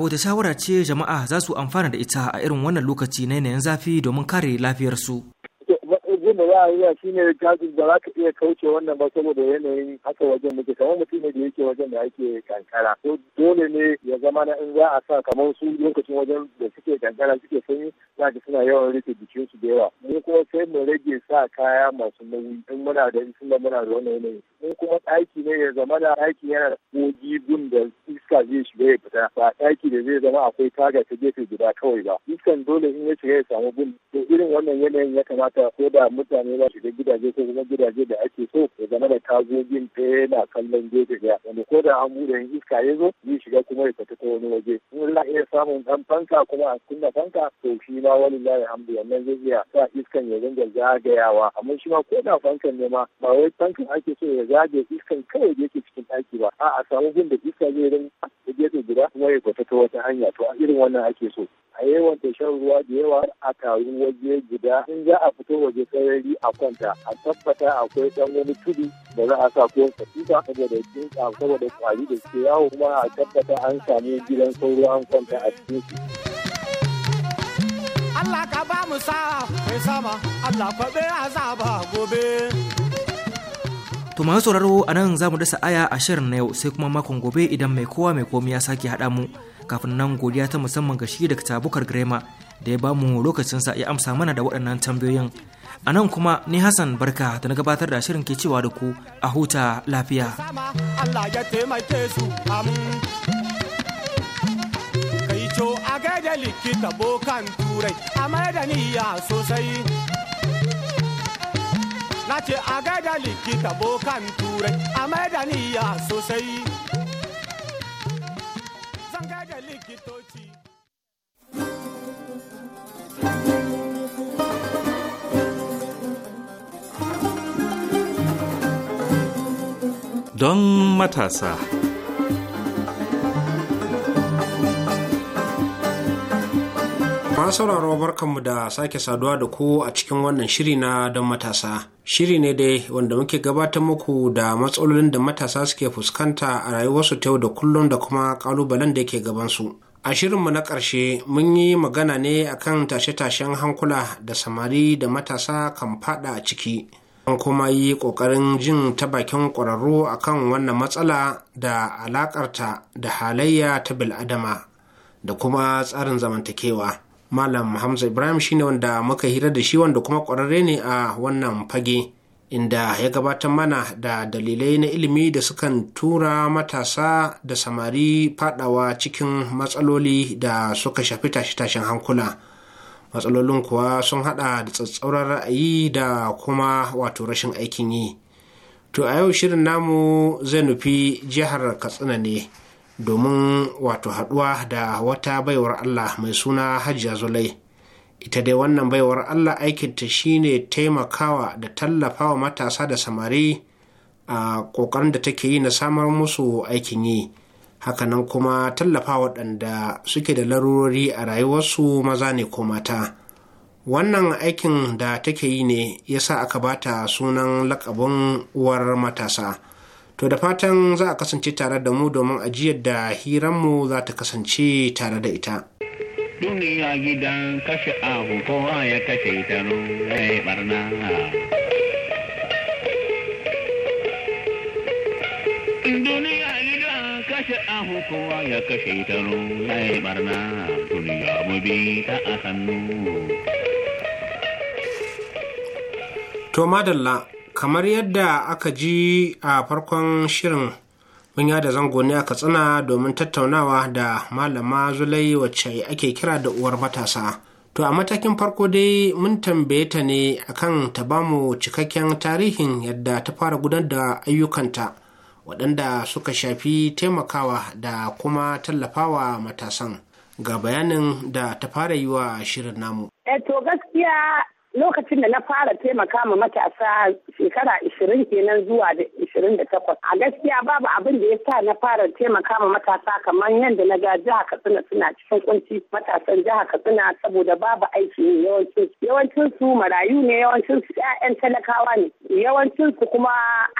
H: wata shawara ce jama'a za su amfana da ita a irin wannan lokaci na yanayin zafi domin kare lafiyarsu.
J: abin da za a yi shi ne jajin za ka iya kauce wannan ba saboda yanayin haka wajen muke kamar mutum ne da yake wajen da ake kankara to dole ne ya zama na in za a sa kamar su lokacin wajen da suke kankara suke sanyi za ka suna yawan rike su da yawa mu kuma sai mu rage sa kaya masu nauyi in muna da da muna da wannan yanayi in kuma ɗaki ne ya zama da ɗaki yana da kogi gun da iska zai shiga ya fita ba ɗaki da zai zama akwai taga ta gefe guda kawai ba iskan dole in ya shiga ya samu gun to irin wannan yanayin ya kamata ko da mu mutane ba shiga gidaje ko kuma gidaje da ake so ya zama da tagogin ɗaya na kallon gefe ɗaya wanda ko da an buɗe yin iska ya zo zai shiga kuma ya fita ta wani waje in za samun ɗan fanka kuma a kunna fanka to shi ma wani layi hamdu wannan zai iya sa iskan ya dinga zagayawa amma shi ma ko da fankan ne ma ba wai fankan ake so ya zage iskan kawai da yake cikin ɗaki ba a'a samu gun da iska zai rinka da gefe guda kuma ya fita ta wata hanya to a irin wannan ake so a yawan shan ruwa da yawa a taru waje guda in za a fito waje sai sarari a kwanta a tabbata akwai dan wani tudu da za a sa ko katifa cikin ka saboda kwari da ke yawo kuma a tabbata an samu gidan sauro an kwanta a cikin su.
I: Allah ka ba mu sa mai sama Allah kwabe azaba gobe.
H: Tuma sauraro a nan za mu dasa aya a shirin na yau sai kuma makon gobe idan mai kowa mai komi ya sake haɗa mu kafin nan godiya ta musamman ga shi da tabukar grema da ya bamu lokacin sa ya amsa mana da waɗannan tambayoyin a nan kuma ni hassan barka da na gabatar da shirin ke cewa da ku a huta lafiya
I: Allah ya su likita bokan sosai na ce a gaida likita bokan turai a da niyya sosai
A: don matasa.
E: sauraro barkanmu da sake saduwa da ku a cikin wannan shiri na don matasa. Shiri ne dai wanda muke gabatar muku da matsalolin da matasa suke fuskanta a rayuwarsu ta yau da kullum da kuma kalubalen da yake gabansu. A shirinmu na ƙarshe mun yi magana ne akan tashe-tashen hankula da samari da matasa kan fada a ciki. an kuma yi ƙoƙarin jin ta bakin ƙwararru akan wannan matsala da alaƙarta da halayya ta bil'adama da kuma tsarin zamantakewa malam hamza ibrahim shine wanda muka hira da shi wanda kuma kwararre ne a wannan fage inda ya gabatar mana da dalilai na ilimi da sukan tura matasa da samari fadawa cikin matsaloli da suka shafi tashe-tashen hankula. matsalolin kuwa sun hada da tsatsauran ra'ayi da kuma wato rashin aikin yi to a yau shirin namu zai nufi jihar katsina ne domin wato haduwa da wata baiwar allah mai suna hajiya zulai ita dai wannan baiwar allah aikinta shine taimakawa da tallafawa matasa da samari a ƙoƙarin da take yi na samar musu aikin yi hakanan kuma tallafa waɗanda suke da larurori a rayuwarsu maza ne ko mata wannan aikin da take yi ne ya sa aka ba ta sunan lakabin uwar matasa to da fatan za a kasance tare da mu domin ajiyar da hiranmu za ta kasance tare da ita
K: duniya gidan kashe abu kowa
L: ya kashe barna kashe ahu kowa ya kashe
K: ta ya yi barna duniya mu bi ta a hannu.
E: To madalla kamar yadda aka ji a farkon shirin mun yada zango ne aka tsina domin tattaunawa da malama zulai wacce ake kira da uwar matasa. To a matakin farko dai mun tambaye ta ne akan ta bamu cikakken tarihin yadda ta fara gudanar da ayyukanta. waɗanda suka shafi taimakawa da kuma tallafawa matasan ga bayanin da ta fara yi wa shirin namu.
M: Eh, to gaskiya lokacin da na fara taimaka ma matasa shekara ishirin kenan zuwa da ishirin da takwas a gaskiya babu abin da ya sa na fara taimaka ma matasa kamar yadda na ga jiha katsina suna cikin kunci matasan jiha katsina saboda babu aiki ne yawancin yawancin su marayu ne yawancin su ƴaƴan talakawa ne yawancin su kuma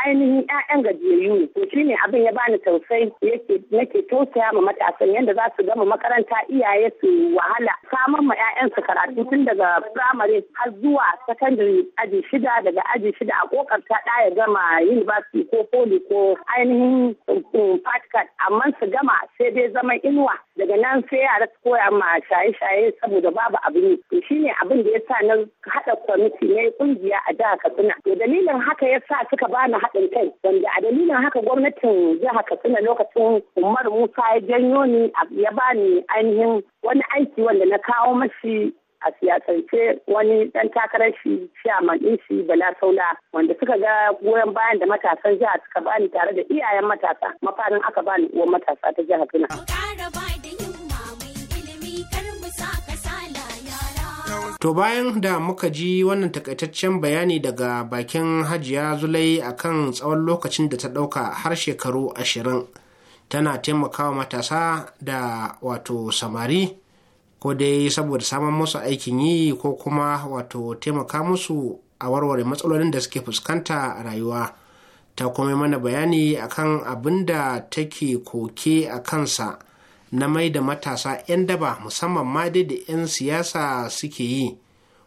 M: ainihin ƴaƴan gajiyayyu ne to shine abin ya bani tausayi yake nake tausaya ma matasan yadda za su gama makaranta iyaye su wahala samar ma su karatu tun daga firamare har zuwa sakandare aji shida daga aji shida a kokarta ta ya gama university ko poli ko ainihin um, fatcat amma su gama sai dai zama inuwa daga nan sai yara su koya ma shaye-shaye saboda babu abin yi to shine abin da ya sa na haɗa kwamiti na kungiya a jihar Katsina to dalilin haka ya sa suka bani haɗin kai wanda a dalilin haka gwamnatin jihar Katsina lokacin Umar Musa ya janyo ni ya bani ainihin wani aiki wanda na kawo mashi a siyasance wani dan takarar shi chairman din shi Bala Saula wanda suka ga goyon bayan da matasan jihar suka bani tare da iyayen matasa mafarin aka bani uwan matasa ta jihar Katsina. To bayan
E: da muka ji wannan takaitaccen bayani daga bakin Hajiya Zulai akan tsawon lokacin da ta ɗauka har shekaru ashirin tana taimakawa matasa da wato samari ko dai saboda saman musu aikin yi ko kuma wato taimaka musu a warware matsalolin da suke fuskanta a rayuwa ta kuma mana bayani akan abin da take koke a kansa na mai da matasa 'yan daba musamman ma dai da 'yan siyasa suke yi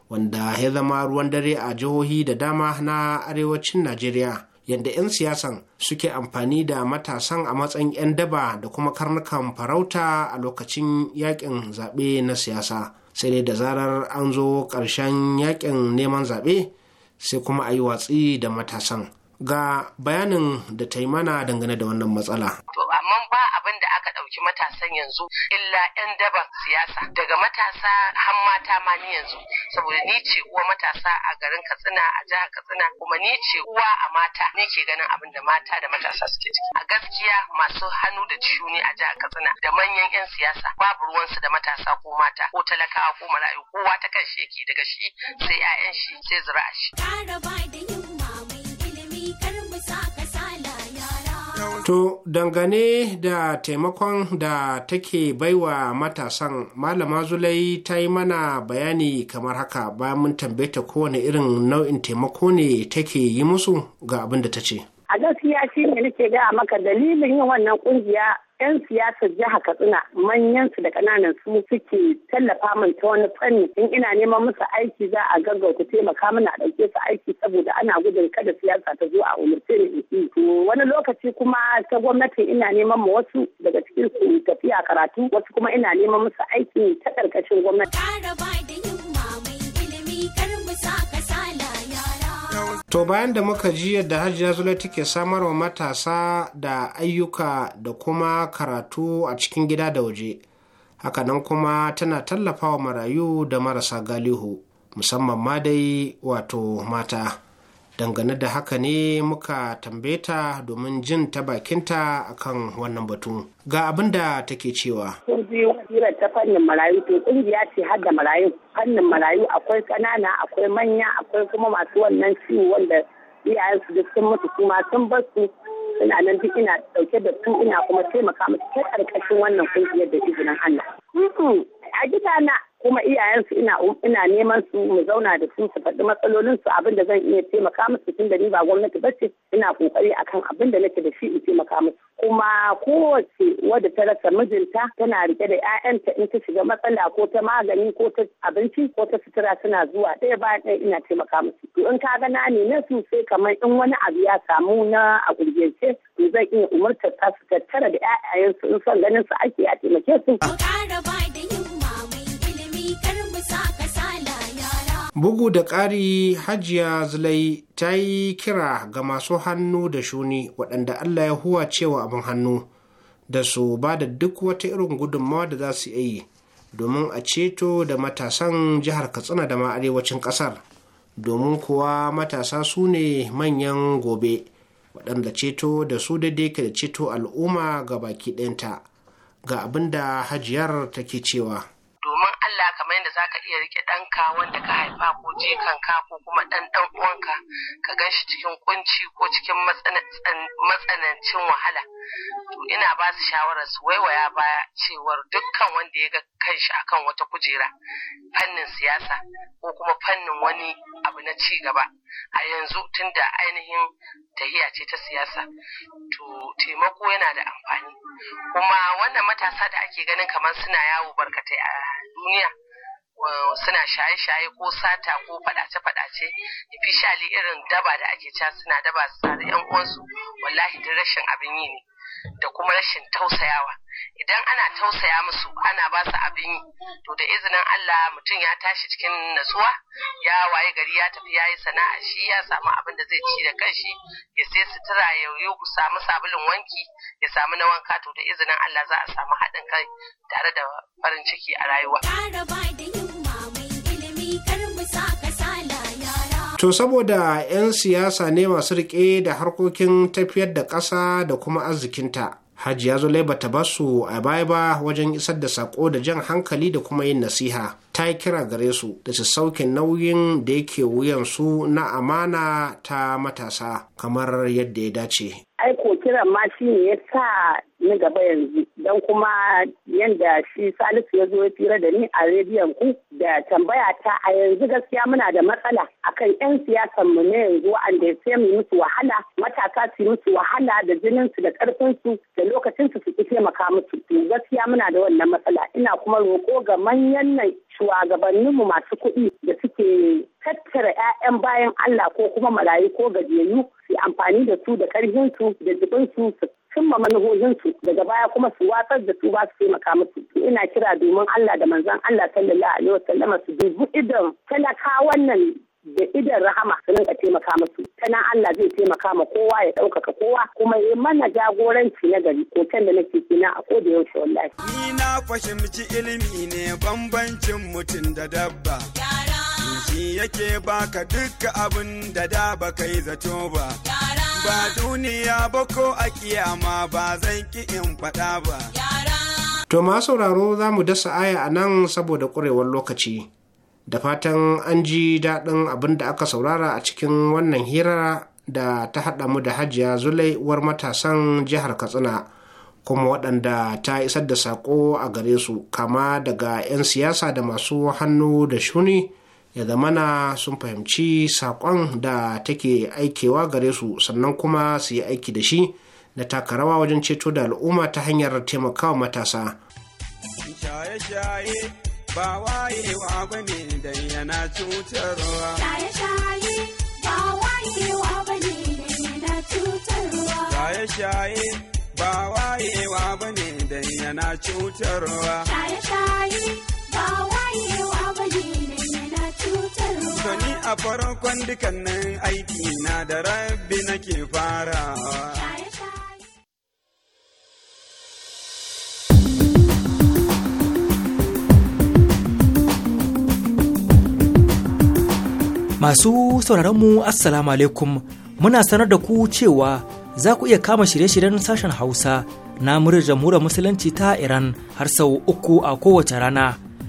E: wanda ya zama ruwan dare a jihohi da dama na arewacin najeriya yadda 'yan siyasan suke amfani da matasan a matsayin 'yan daba da kuma karnukan farauta a lokacin yakin zaɓe na siyasa sai dai da zarar an zo ƙarshen yakin neman zaɓe sai kuma a yi watsi da matasan ga bayanin da ta yi mana dangane da wannan matsala. abin da aka ɗauki matasan yanzu illa 'yan
N: daban siyasa daga matasa har mata ma ni yanzu saboda ni ce uwa matasa a garin Katsina a jihar Katsina kuma ni ce uwa a mata ni ke ganin abin da mata da matasa suke ciki a gaskiya masu hannu da ciuni a jihar Katsina da manyan 'yan siyasa babu ruwansu da matasa ko mata ko talakawa ko marayu kowa ta kan shi yake daga shi sai 'ya'yan shi sai a
O: shi.
E: To dangane da taimakon da take baiwa matasan malama zulai ta yi mana bayani kamar haka bayan mun tambaye ta kowane irin nau'in taimako ne take yi musu ga abin da ta ce.
M: A gaskiya shi ne nake gaya maka dalilin yin wannan kungiya 'yan siyasar jiha katsina manyan su da kananan su suke tallafa min ta wani fanni in ina neman musu aiki za a gaggauta taimaka mana a ɗauke su aiki saboda ana gudun kada siyasa ta zo a umarce ni to wani lokaci kuma ta gwamnati ina neman ma wasu daga cikin su tafiya karatu wasu kuma ina neman musu aiki ta ƙarƙashin gwamnati. Ƙara da yin
E: To bayan da muka ji yadda Hajiya Zula take samarwa matasa da ayyuka da kuma karatu a cikin gida da waje, hakanan kuma tana tallafa wa marayu da marasa galihu, musamman ma dai wato mata. dangane da haka ne muka tambaye ta domin jin ta bakinta akan wannan batu ga abin da take cewa
M: sun biyu hirar ta fannin marayu to ƙungiya ce har da marayu fannin marayu akwai ƙanana, akwai manya akwai kuma masu wannan ciwo wanda iyayensu duk sun mutu kuma sun bar su ina nan duk ina dauke da su ina kuma taimaka musu ta karkashin wannan ƙungiyar da izinin Allah. A gidana kuma iyayensu ina ina neman su mu zauna da su su faɗi matsalolin su abin da zan iya taimaka musu tun da ni ba gwamnati ba ce ina kokari akan abin da nake da shi in taimaka musu kuma kowace wadda ta rasa mijinta tana rike da 'ya'yanta in ta shiga matsala ko ta magani ko ta abinci ko ta sutura suna zuwa ɗaya bayan ɗaya ina taimaka musu to in ka ga na ne na su sai kamar in wani abu ya samu na a gurgurce to zan iya umurtar ta su tattara da 'ya'yayensu in son ganin su ake a taimake su.
E: Bugu da ƙari Hajiya Zulai ta yi kira ga masu hannu da shuni waɗanda Allah ya huwa cewa abin hannu da su ba da duk wata irin gudunmawa da za su yi domin a ceto da matasan jihar Katsina da ma arewacin ƙasar. Domin kuwa matasa su ne manyan gobe waɗanda ceto da su daidai ka da ceto al'umma ga baki ɗayanta. ga abin da hajiyar take cewa. Allah kamar yadda ka iya rike ɗanka wanda ka haifa ko jikanka
N: ko kuma ɗan ɗan uwanka ka gan shi cikin kunci ko cikin matsanancin wahala to ina ba su shawarar su waiwaya baya cewar dukkan wanda ya ga kanshi akan wata kujera fannin siyasa ko kuma fannin wani abu na ci gaba a yanzu tunda ainihin tahiya ce ta siyasa to taimako yana da amfani kuma wannan matasa da ake ganin kamar suna yawo barkatai a duniya suna shaye-shaye ko sata ko fadace-fadace fishali irin daba da ake ca suna daba su da yan uwansu wallahi duk rashin abin yi ne da kuma rashin tausayawa idan ana tausaya musu ana ba su abin to da izinin Allah mutum ya tashi cikin natsuwa ya waye gari ya tafi ya yi sana'a shi ya samu abin da zai ci da kanshi ya sai sutura ya yi samu sabulin wanki ya samu na wanka to da izinin Allah za a samu haɗin kai tare da farin ciki a rayuwa.
E: To saboda 'yan siyasa ne masu riƙe da harkokin tafiyar da ƙasa da kuma arzikinta. Hajiya laiba ta basu a baya ba wajen isar da sako da jan hankali da kuma yin nasiha. Ta yi kira gare su da su sauke nauyin da yake wuyansu na amana ta matasa kamar yadda ya
N: dace.
M: Aiko kiran ma shi ne ya sa ni gaba yanzu don kuma yadda shi salisu ya zo ya fira da ni a rediyon ku da tambaya ta a yanzu gaskiya muna da matsala akan 'yan siyasan mu na yanzu wa'anda ya mu musu wahala matasa su musu wahala da jinin su da karfin su da lokacin su su taimaka musu gaskiya muna da wannan matsala ina kuma roko ga manyan nan shugabanninmu masu kuɗi da suke tattara 'ya'yan bayan Allah ko kuma marayu ko gajiyayyu su amfani da su da su da jibinsu su cimma manhojinsu daga baya kuma su watsar da su ba su taimaka musu ina kira domin Allah da manzon Allah sallallahu alaihi wasallama su dubi idan talakawan nan da idan rahama su rinka taimaka musu tana Allah zai taimaka ma kowa ya ɗaukaka kowa kuma ya mana jagoranci na gari hoton da nake kina a koda yaushe wallahi. Ni
L: na fahimci ilimi ne bambancin mutum da dabba. Shi yake baka dukkan abin da da baka yi zato ba. Yara. Ba duniya ba ko a kiyama ba zan ki in faɗa ba.
E: To ma sauraro za mu dasa aya a nan saboda ƙurewar lokaci. Da fatan an ji daɗin abin da aka saurara a cikin wannan hira da ta haɗa mu da hajiya zulai war matasan jihar Katsina. kuma waɗanda ta isar da saƙo a gare su kama daga 'yan siyasa da masu hannu da shuni ya zamana sun fahimci saƙon da take aikewa gare su sannan kuma su yi aiki da shi na taka rawa wajen ceto da al'umma ta hanyar taimakawa matasa.
L: Shaye-shaye ba wayewa ba ne idan yana cutarwa. Shaye-shaye
O: ba wayewa ba ne yana cutarwa.
L: Shaye-shaye ba wayewa ba ne yana cutarwa.
O: Shaye-shaye ba wayewa
L: Sani a farkon nan aiki na da rabbi nake fara.
H: Masu sauraronmu Assalamu alaikum muna sanar da ku cewa za ku iya kama shirye-shiryen sashen Hausa na muryar jamhuriyar Musulunci ta Iran har sau uku a kowace rana.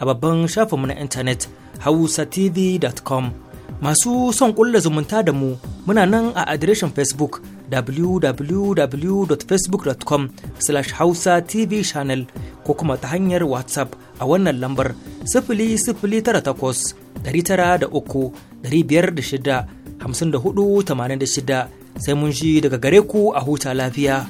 H: a babban shafin mu na intanet hausatv.com masu son ƙulla zumunta da mu muna nan a adireshin facebook www.facebook.com slash hausa tv channel ko kuma ta hanyar whatsapp a wannan lambar sifili sifili da tara uku biyar shida hamsin da hudu tamanin da shida sai mun ji daga gare ku a huta lafiya.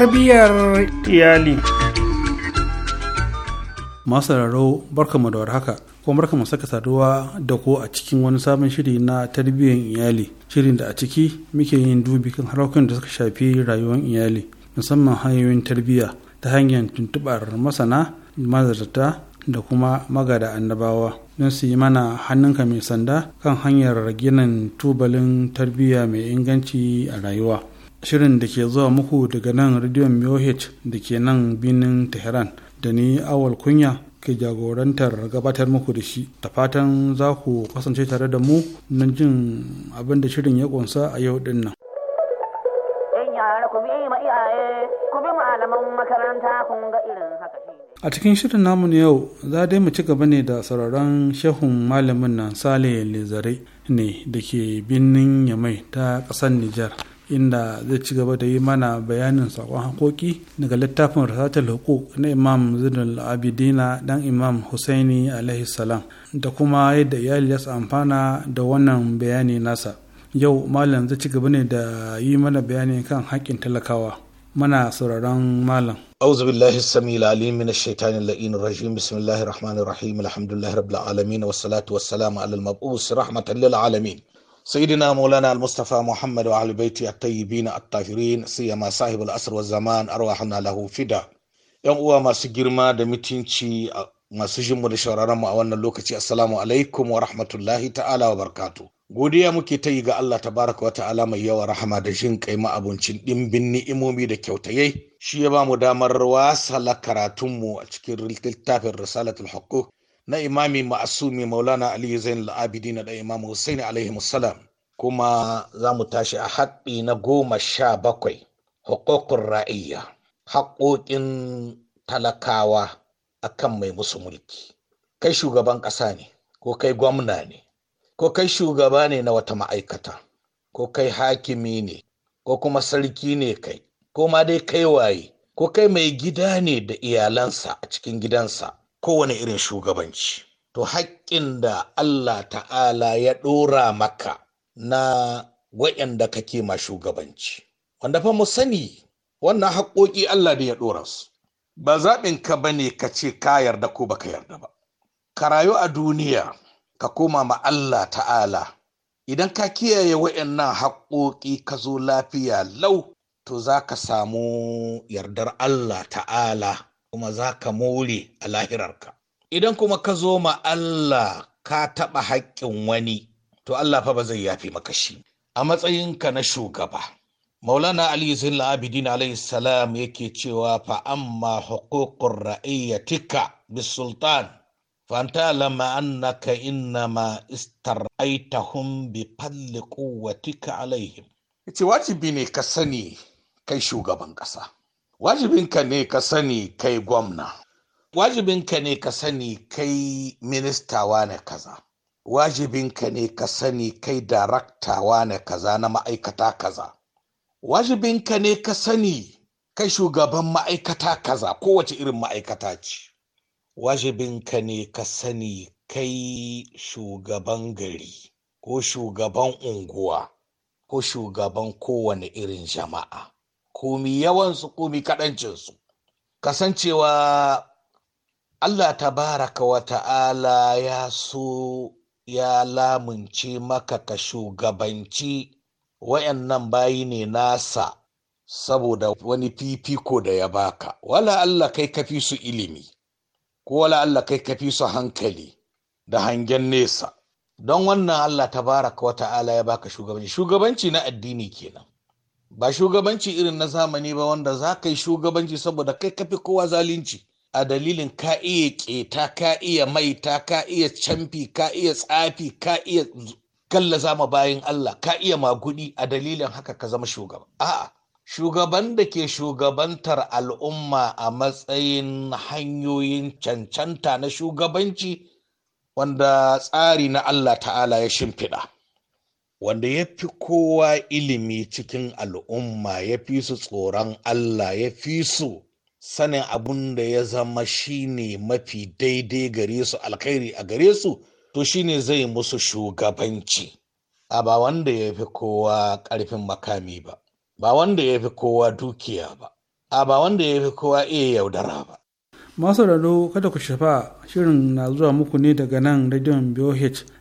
B: tarbiyyar iyali
P: masu raro mu da warhaka kuma mu saka saduwa da ko a cikin wani sabon shiri na tarbiyyar iyali shirin da a ciki muke yin dubi kan harkokin da suka shafi rayuwar iyali musamman hanyoyin tarbiyya ta hanyar tuntubar masana mazarta da kuma magada annabawa don su yi mana hannunka mai sanda kan hanyar ginin tubalin tarbiyya mai inganci a rayuwa shirin da ke zuwa muku daga nan rediyon BOH da ke nan binin Tehran da ni awal kunya ke jagorantar gabatar muku da shi ta fatan za ku kasance tare da mu nan jin abin da shirin ya kunsa a yau din nan. A cikin shirin namu na yau za dai mu ci gaba ne da sauraron shehun malamin nan Sale Lezare ne da ke birnin Yamai ta ƙasar Nijar. inda zai ci gaba da yi mana bayanin saƙon hakoki daga littafin rasatul hukuk na imam zidul abidina dan imam husaini alaihi da kuma yadda iyali ya amfana da wannan bayani nasa yau malam zai ci gaba ne da yi mana bayani kan haƙƙin talakawa mana sauraron malam
Q: أعوذ بالله السميع العليم من الشيطان اللئيم الرجيم بسم الله الرحمن الرحيم الحمد لله رب العالمين والصلاة والسلام على المبعوث رحمة للعالمين سيدنا مولانا المصطفى محمد وأهل بيته الطيبين الطاهرين سيما صاحب الأسر والزمان أرواحنا له فدا ‘yan uwa masu girma da mutunci masu jinmu da shawararmu a wannan lokaci assalamu alaikum wa rahmatullahi ta'ala wa barkatu godiya muke tayi ga Allah tabaraka wa ta'ala mai yawa rahama da jin kai ma ma'abuncin ɗimbin ni'imomi da kyautaye shi ya ba mu damar wasala karatunmu a cikin littafin risalatul haqqo na imami ma'asumi maulana aliyu zainul na da imamu husaini alaihi salam kuma za mu tashi a haƙƙi na goma sha bakwai hukukun ra'ayya. haƙoƙin talakawa akan mai musu mulki kai shugaban ƙasa ne ko kai gwamna ne ko kai shugaba ne na wata ma'aikata ko kai hakimi ne ko kuma sarki ne kai ko ma dai kai waye ko kai mai gida ne da iyalansa a cikin gidansa kowane irin shugabanci to haƙƙin da Allah ta'ala ya ɗora maka na waɗanda kake ma shugabanci wanda fa mu sani wannan haƙƙoƙi Allah da ya ɗora su ba zaɓin ka ba ne ka ce ka yarda ko ba ka yarda ba ka rayu a duniya ka koma ma Allah ta'ala idan ka kiyaye waɗannan haƙƙoƙi ka zo lafiya lau to za ka samu yardar Allah ta'ala kuma za ka more a lahirarka idan kuma ka zo ma Allah ka taɓa haƙƙin wani to Allah fa ba zai yafi maka shi a matsayinka na shugaba maulana ali zin abidin alayhi salam yake cewa fa amma huququr ra'iyatika bisultan fa Fanta lama annaka Aita, istar'aitahum bi fadli quwwatika alaihim yace wajibi ne ka sani kai shugaban ƙasa wajibinka ne ka sani kai gwamna wajibinka ne ka sani kai ministawa na kaza wajibinka ne ka sani kai daraktawa na kaza na ma'aikata kaza wajibinka ne ka sani kai shugaban ma'aikata kaza kowace irin ma'aikata ce wajibinka ne ka sani kai shugaban gari ko shugaban unguwa ko shugaban kowane irin jama'a komi yawansu komi kaɗancinsu kasancewa Allah tabaraka wa ta'ala ya so ya lamunce maka ka shugabanci wayannan bayi ne nasa saboda wani fifiko da ya baka wala Allah kai kafi su ilimi ko wala Allah kai kafi su hankali da hangen nesa don wannan Allah tabaraka wa ta'ala ya baka shugabanci shugabanci na addini kenan ba shugabanci irin na zamani ba wanda za ka yi shugabanci saboda kai kafi kowa zalunci a dalilin ka iya keta ka iya maita ka iya camfi ka iya tsafi ka iya kalla zama bayan Allah ka iya magudi a dalilin haka ka zama shugaba a'a shugaban da ke shugabantar al'umma a matsayin hanyoyin cancanta na shugabanci wanda tsari na Allah ta'ala ya shimfiɗa. wanda ya fi kowa ilimi cikin al'umma ya fi su tsoron Allah ya fi su sanin abin da ya zama shi ne mafi daidai gare su alkhairi a gare su to shi ne zai musu shugabanci a ba wanda ya fi kowa ƙarfin makami ba ba wanda ya fi kowa dukiya ba a ba wanda ya fi kowa iya yaudara ba
P: masu raro kada ku shafa shirin na zuwa muku ne daga nan rediyon bioh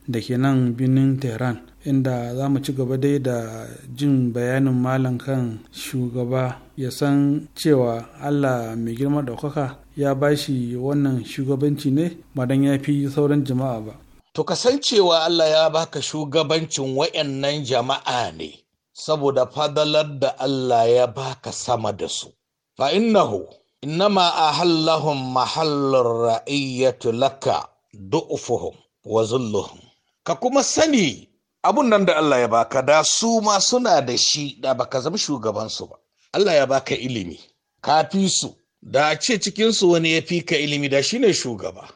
P: da ke nan birnin tehran inda za mu ci gaba dai da jin bayanin malam kan shugaba ya san cewa allah mai girma daukaka ya bashi wannan shugabanci ne madan ya fi sauran jama'a ba
Q: to cewa allah ya baka shugabancin wayannan jama'a ne saboda fadalar da allah ya baka sama da su fa innahu innama hallahun mahallar ra'iyyatu laka du'ufuhum wa zulluhum ka kuma sani abun nan da Allah ya baka da su ma suna da shi da baka zama shugabansu ba Allah ya baka ilimi ka fi su da a ce cikinsu wani ya fi ka ilimi da shi ne shugaba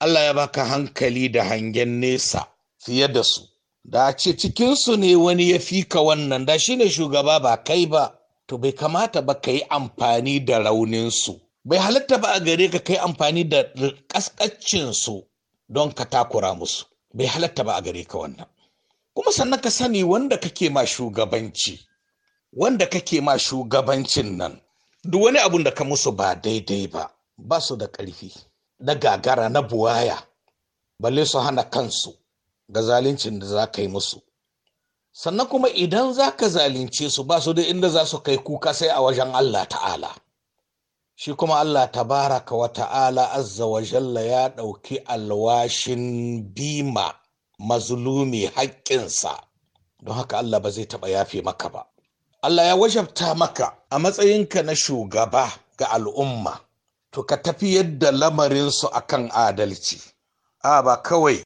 Q: Allah ya baka hankali da hangen nesa fiye da su da a ce cikinsu ne wani ya fi ka wannan da shi ne shugaba ba kai ba to bai kamata ba ka yi amfani da rauninsu bai halatta ba a gare ka kai amfani da su don ka takura musu bai halatta ba a gare ka wannan kuma sannan ka sani wanda kake ma shugabanci wanda kake ma shugabancin nan duk wani abun da ka musu ba daidai ba ba su da ƙarfi na gagara na buwaya balle su hana kansu ga zaluncin da za ka yi musu sannan kuma idan za ka zalunce su ba su da inda za su kai kuka sai a wajen Allah ta'ala shi kuma Allah tabaraka wa ta'ala azza wa jalla ya ɗauki alwashin bima mazulumi haƙƙinsa don haka Allah ba zai taɓa yafe maka ba Allah ya wajabta maka a matsayinka na shugaba ga al'umma to ka tafi yadda lamarinsu akan adalci a ba kawai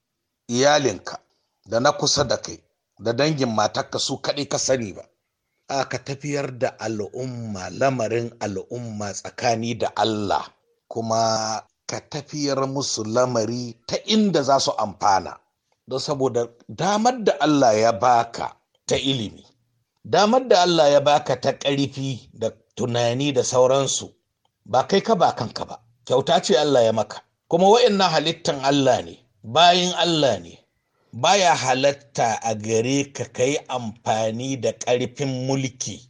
Q: iyalinka da na kusa da kai da dangin matarka su kaɗai ka sani ba a ka tafiyar da al'umma lamarin al'umma tsakani da Allah kuma ka tafiyar musu lamari ta inda za su amfana don saboda damar da Allah ya baka ta ilimi damar da Allah ya baka ta ƙarfi da tunani da sauransu ba kai ka ba kanka ba kyauta ce Allah ya maka kuma waɗannan halittan Allah ne Bayan Allah ne baya halatta a gare ka kai amfani da ƙarfin mulki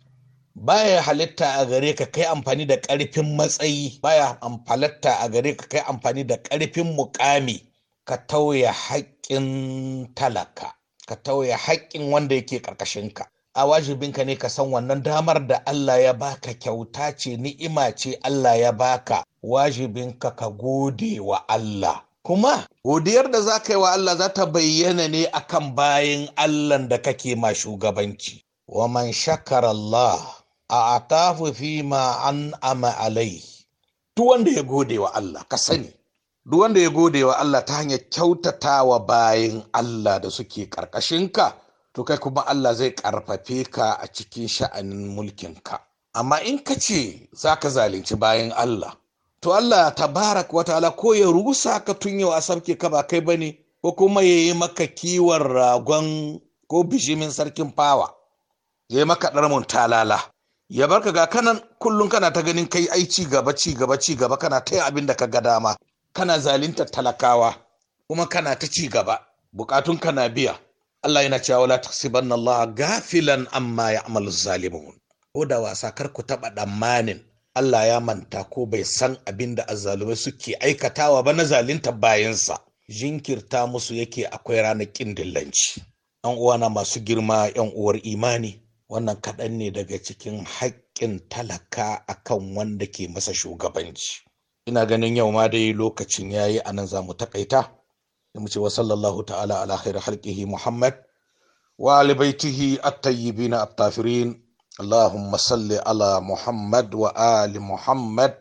Q: baya halitta a gare ka kai amfani da ƙarfin matsayi baya halatta a gare ka kai amfani da ƙarfin muƙami. ka tauya haƙƙin talaka ka tauya haƙƙin wanda yake ka. a wajibinka ne ka san wannan damar da Allah ya baka kyauta ce ni'ima ce Allah ya baka wajibinka ka gode wa Allah kuma godiyar da za ka yi wa Allah za ta bayyana ne akan bayan Allah da kake ma shugabanci wa man shakara Allah a atafu fi ma an ama alai tu wanda ya gode wa Allah ka sani duk wanda ya gode wa Allah ta hanyar kyautatawa bayan Allah da suke ƙarƙashinka to kai kuma Allah zai ƙarfafe ka a cikin sha'anin mulkinka amma in ka ce za ka zalunci bayan Allah to Allah tabarak wa ta'ala ko ya rusa ka tun yau a sarki ka ba kai bane ko kuma ya yi maka kiwon ragon ko bishimin sarkin fawa ya yi maka ɗarmun talala ya barka ga kanan kullum kana ta ganin kai ai ci gaba ci gaba ci gaba kana ta abin da ka ga dama kana zalintar talakawa kuma kana ta ci gaba bukatun kana biya Allah yana cewa wala tahsiban Allah gafilan amma ya ya'malu zalimun ko da wasa kar ku taba damanin Allah ya manta ko bai san abin da azzalumai suke aikatawa ba na zalunta bayansa jinkirta musu yake akwai ranar dillanci yan uwana masu girma yan uwar imani wannan kaɗan ne daga cikin haƙƙin talaka akan wanda ke masa shugabanci ina ganin yau ma dai lokacin yayi nan za mu takaita da mu ce wa sallallahu ta'ala ala khairu halqihi muhammad wa ali baitihi at-tayyibin at-tafirin ali muhammad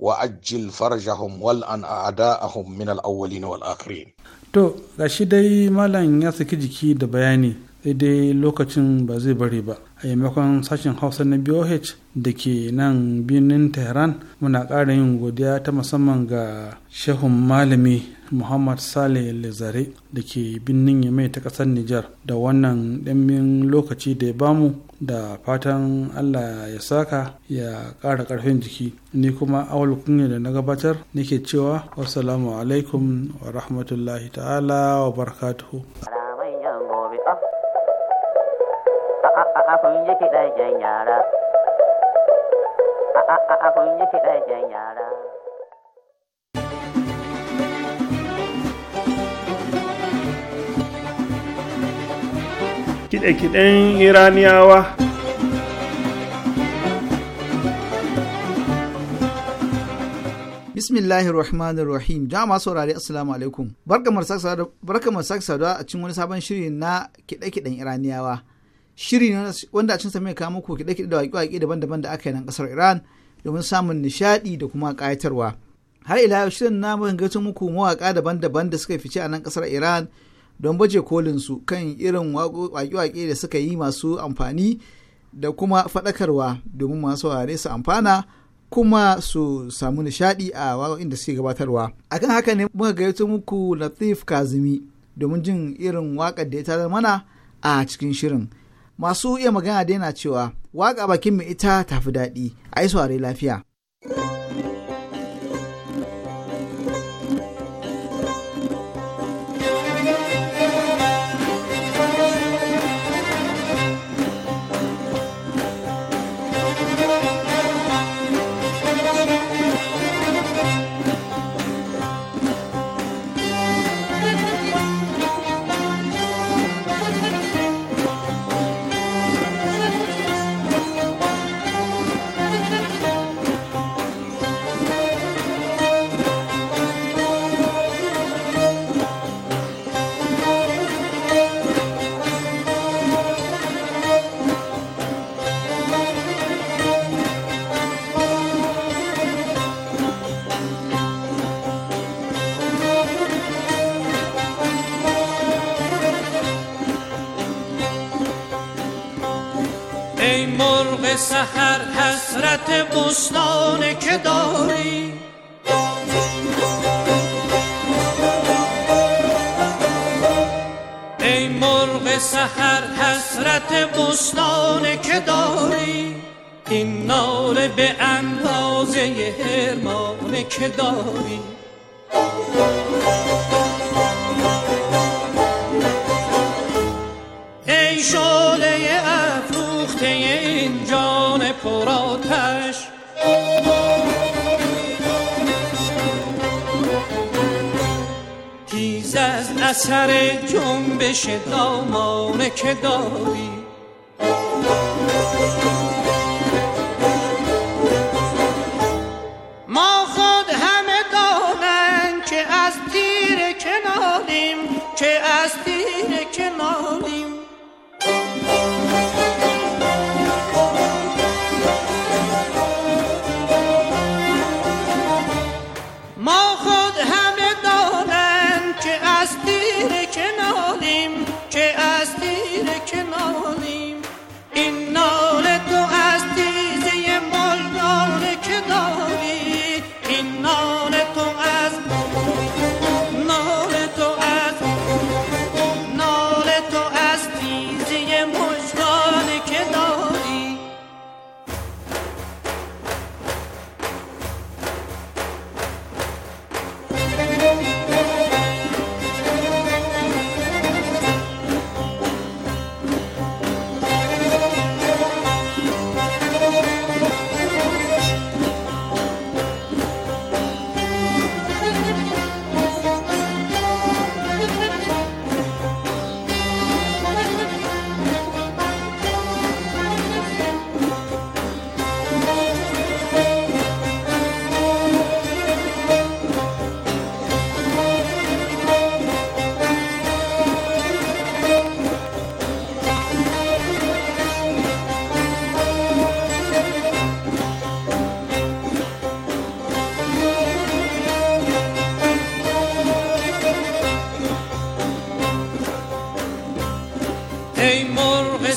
Q: wa ajil farjahum wal an a'da'ahum min al-awwalin wal akhirin
P: to gashi dai malam ya saki jiki da bayani dai lokacin ba zai bari ba a yammakon sashen hausa na boh da ke nan birnin tehran muna ƙara yin godiya ta musamman ga shehun malami muhammad saleh lezare da ke birnin yamai ta ƙasar nijar da wannan ɗanbin lokaci da ya bamu da fatan allah ya saka ya ƙara ƙarfin jiki ni kuma awal kunya da na gabatar nake cewa wassalamu alaikum wa rahmatullahi ta'ala wa
O: barakatuhu
M: a kun ji kiɗan yara.
B: Kiɗe-kiɗen Iraniyawa
C: Bismillahir Rahmanir Rahim. Jama'a saurare Assalamu alaikum. Barka mu sake saduwa a cikin wani sabon shiri na kiɗe-kiɗen Iraniyawa. shiri ne wanda a cin mai kawo muku kiɗe-kiɗe da waƙe-waƙe daban-daban da aka yi nan ƙasar Iran domin samun nishaɗi da kuma ƙayatarwa. Har ila yau shirin na mun muku mawaƙa daban-daban da suka fice a nan ƙasar Iran don baje kolin su kan irin waƙe-waƙe da suka yi masu amfani da kuma faɗakarwa domin masu ware su amfana kuma su samu nishaɗi a waƙoƙin da suke gabatarwa. Akan haka ne muka gayyato muku Latif kazumi domin jin irin waƙar da ya tarar mana a cikin shirin. masu iya magana daina cewa waƙa bakin mu ita tafi daɗi a yi lafiya.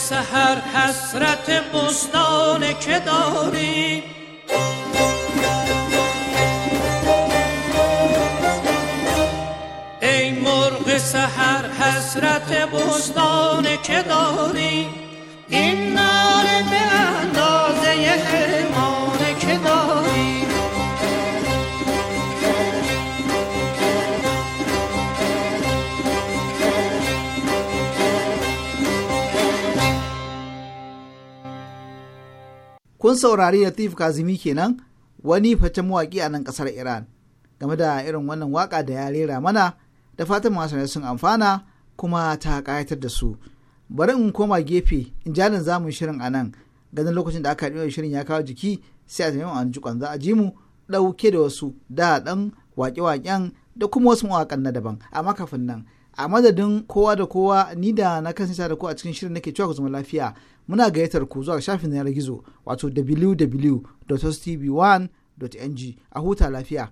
R: سحر حسرت بستان که داری ای مرغ سحر حسرت بستان که داری این ناله به اندازه همانه که داری
C: kun saurari latif kazimi kenan wani facen mawaƙi a nan ƙasar iran game da irin wannan waka da ya rera mana da fatan masu sun amfana kuma ta kayatar da su bari in koma gefe in jalin zamun shirin a nan ganin lokacin da aka ɗiyo shirin ya kawo jiki sai a zama an ji za a ji mu ɗauke da wasu da ɗan waƙe-waƙen da kuma wasu mawaƙan na daban amma kafin nan a madadin kowa da kowa ni da na sa da ku a cikin shirin nake cewa ku zama lafiya muna gayyatar ku zuwa shafin na yanar gizo wato www.tv1.ng a huta lafiya.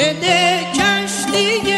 R: بده کشتی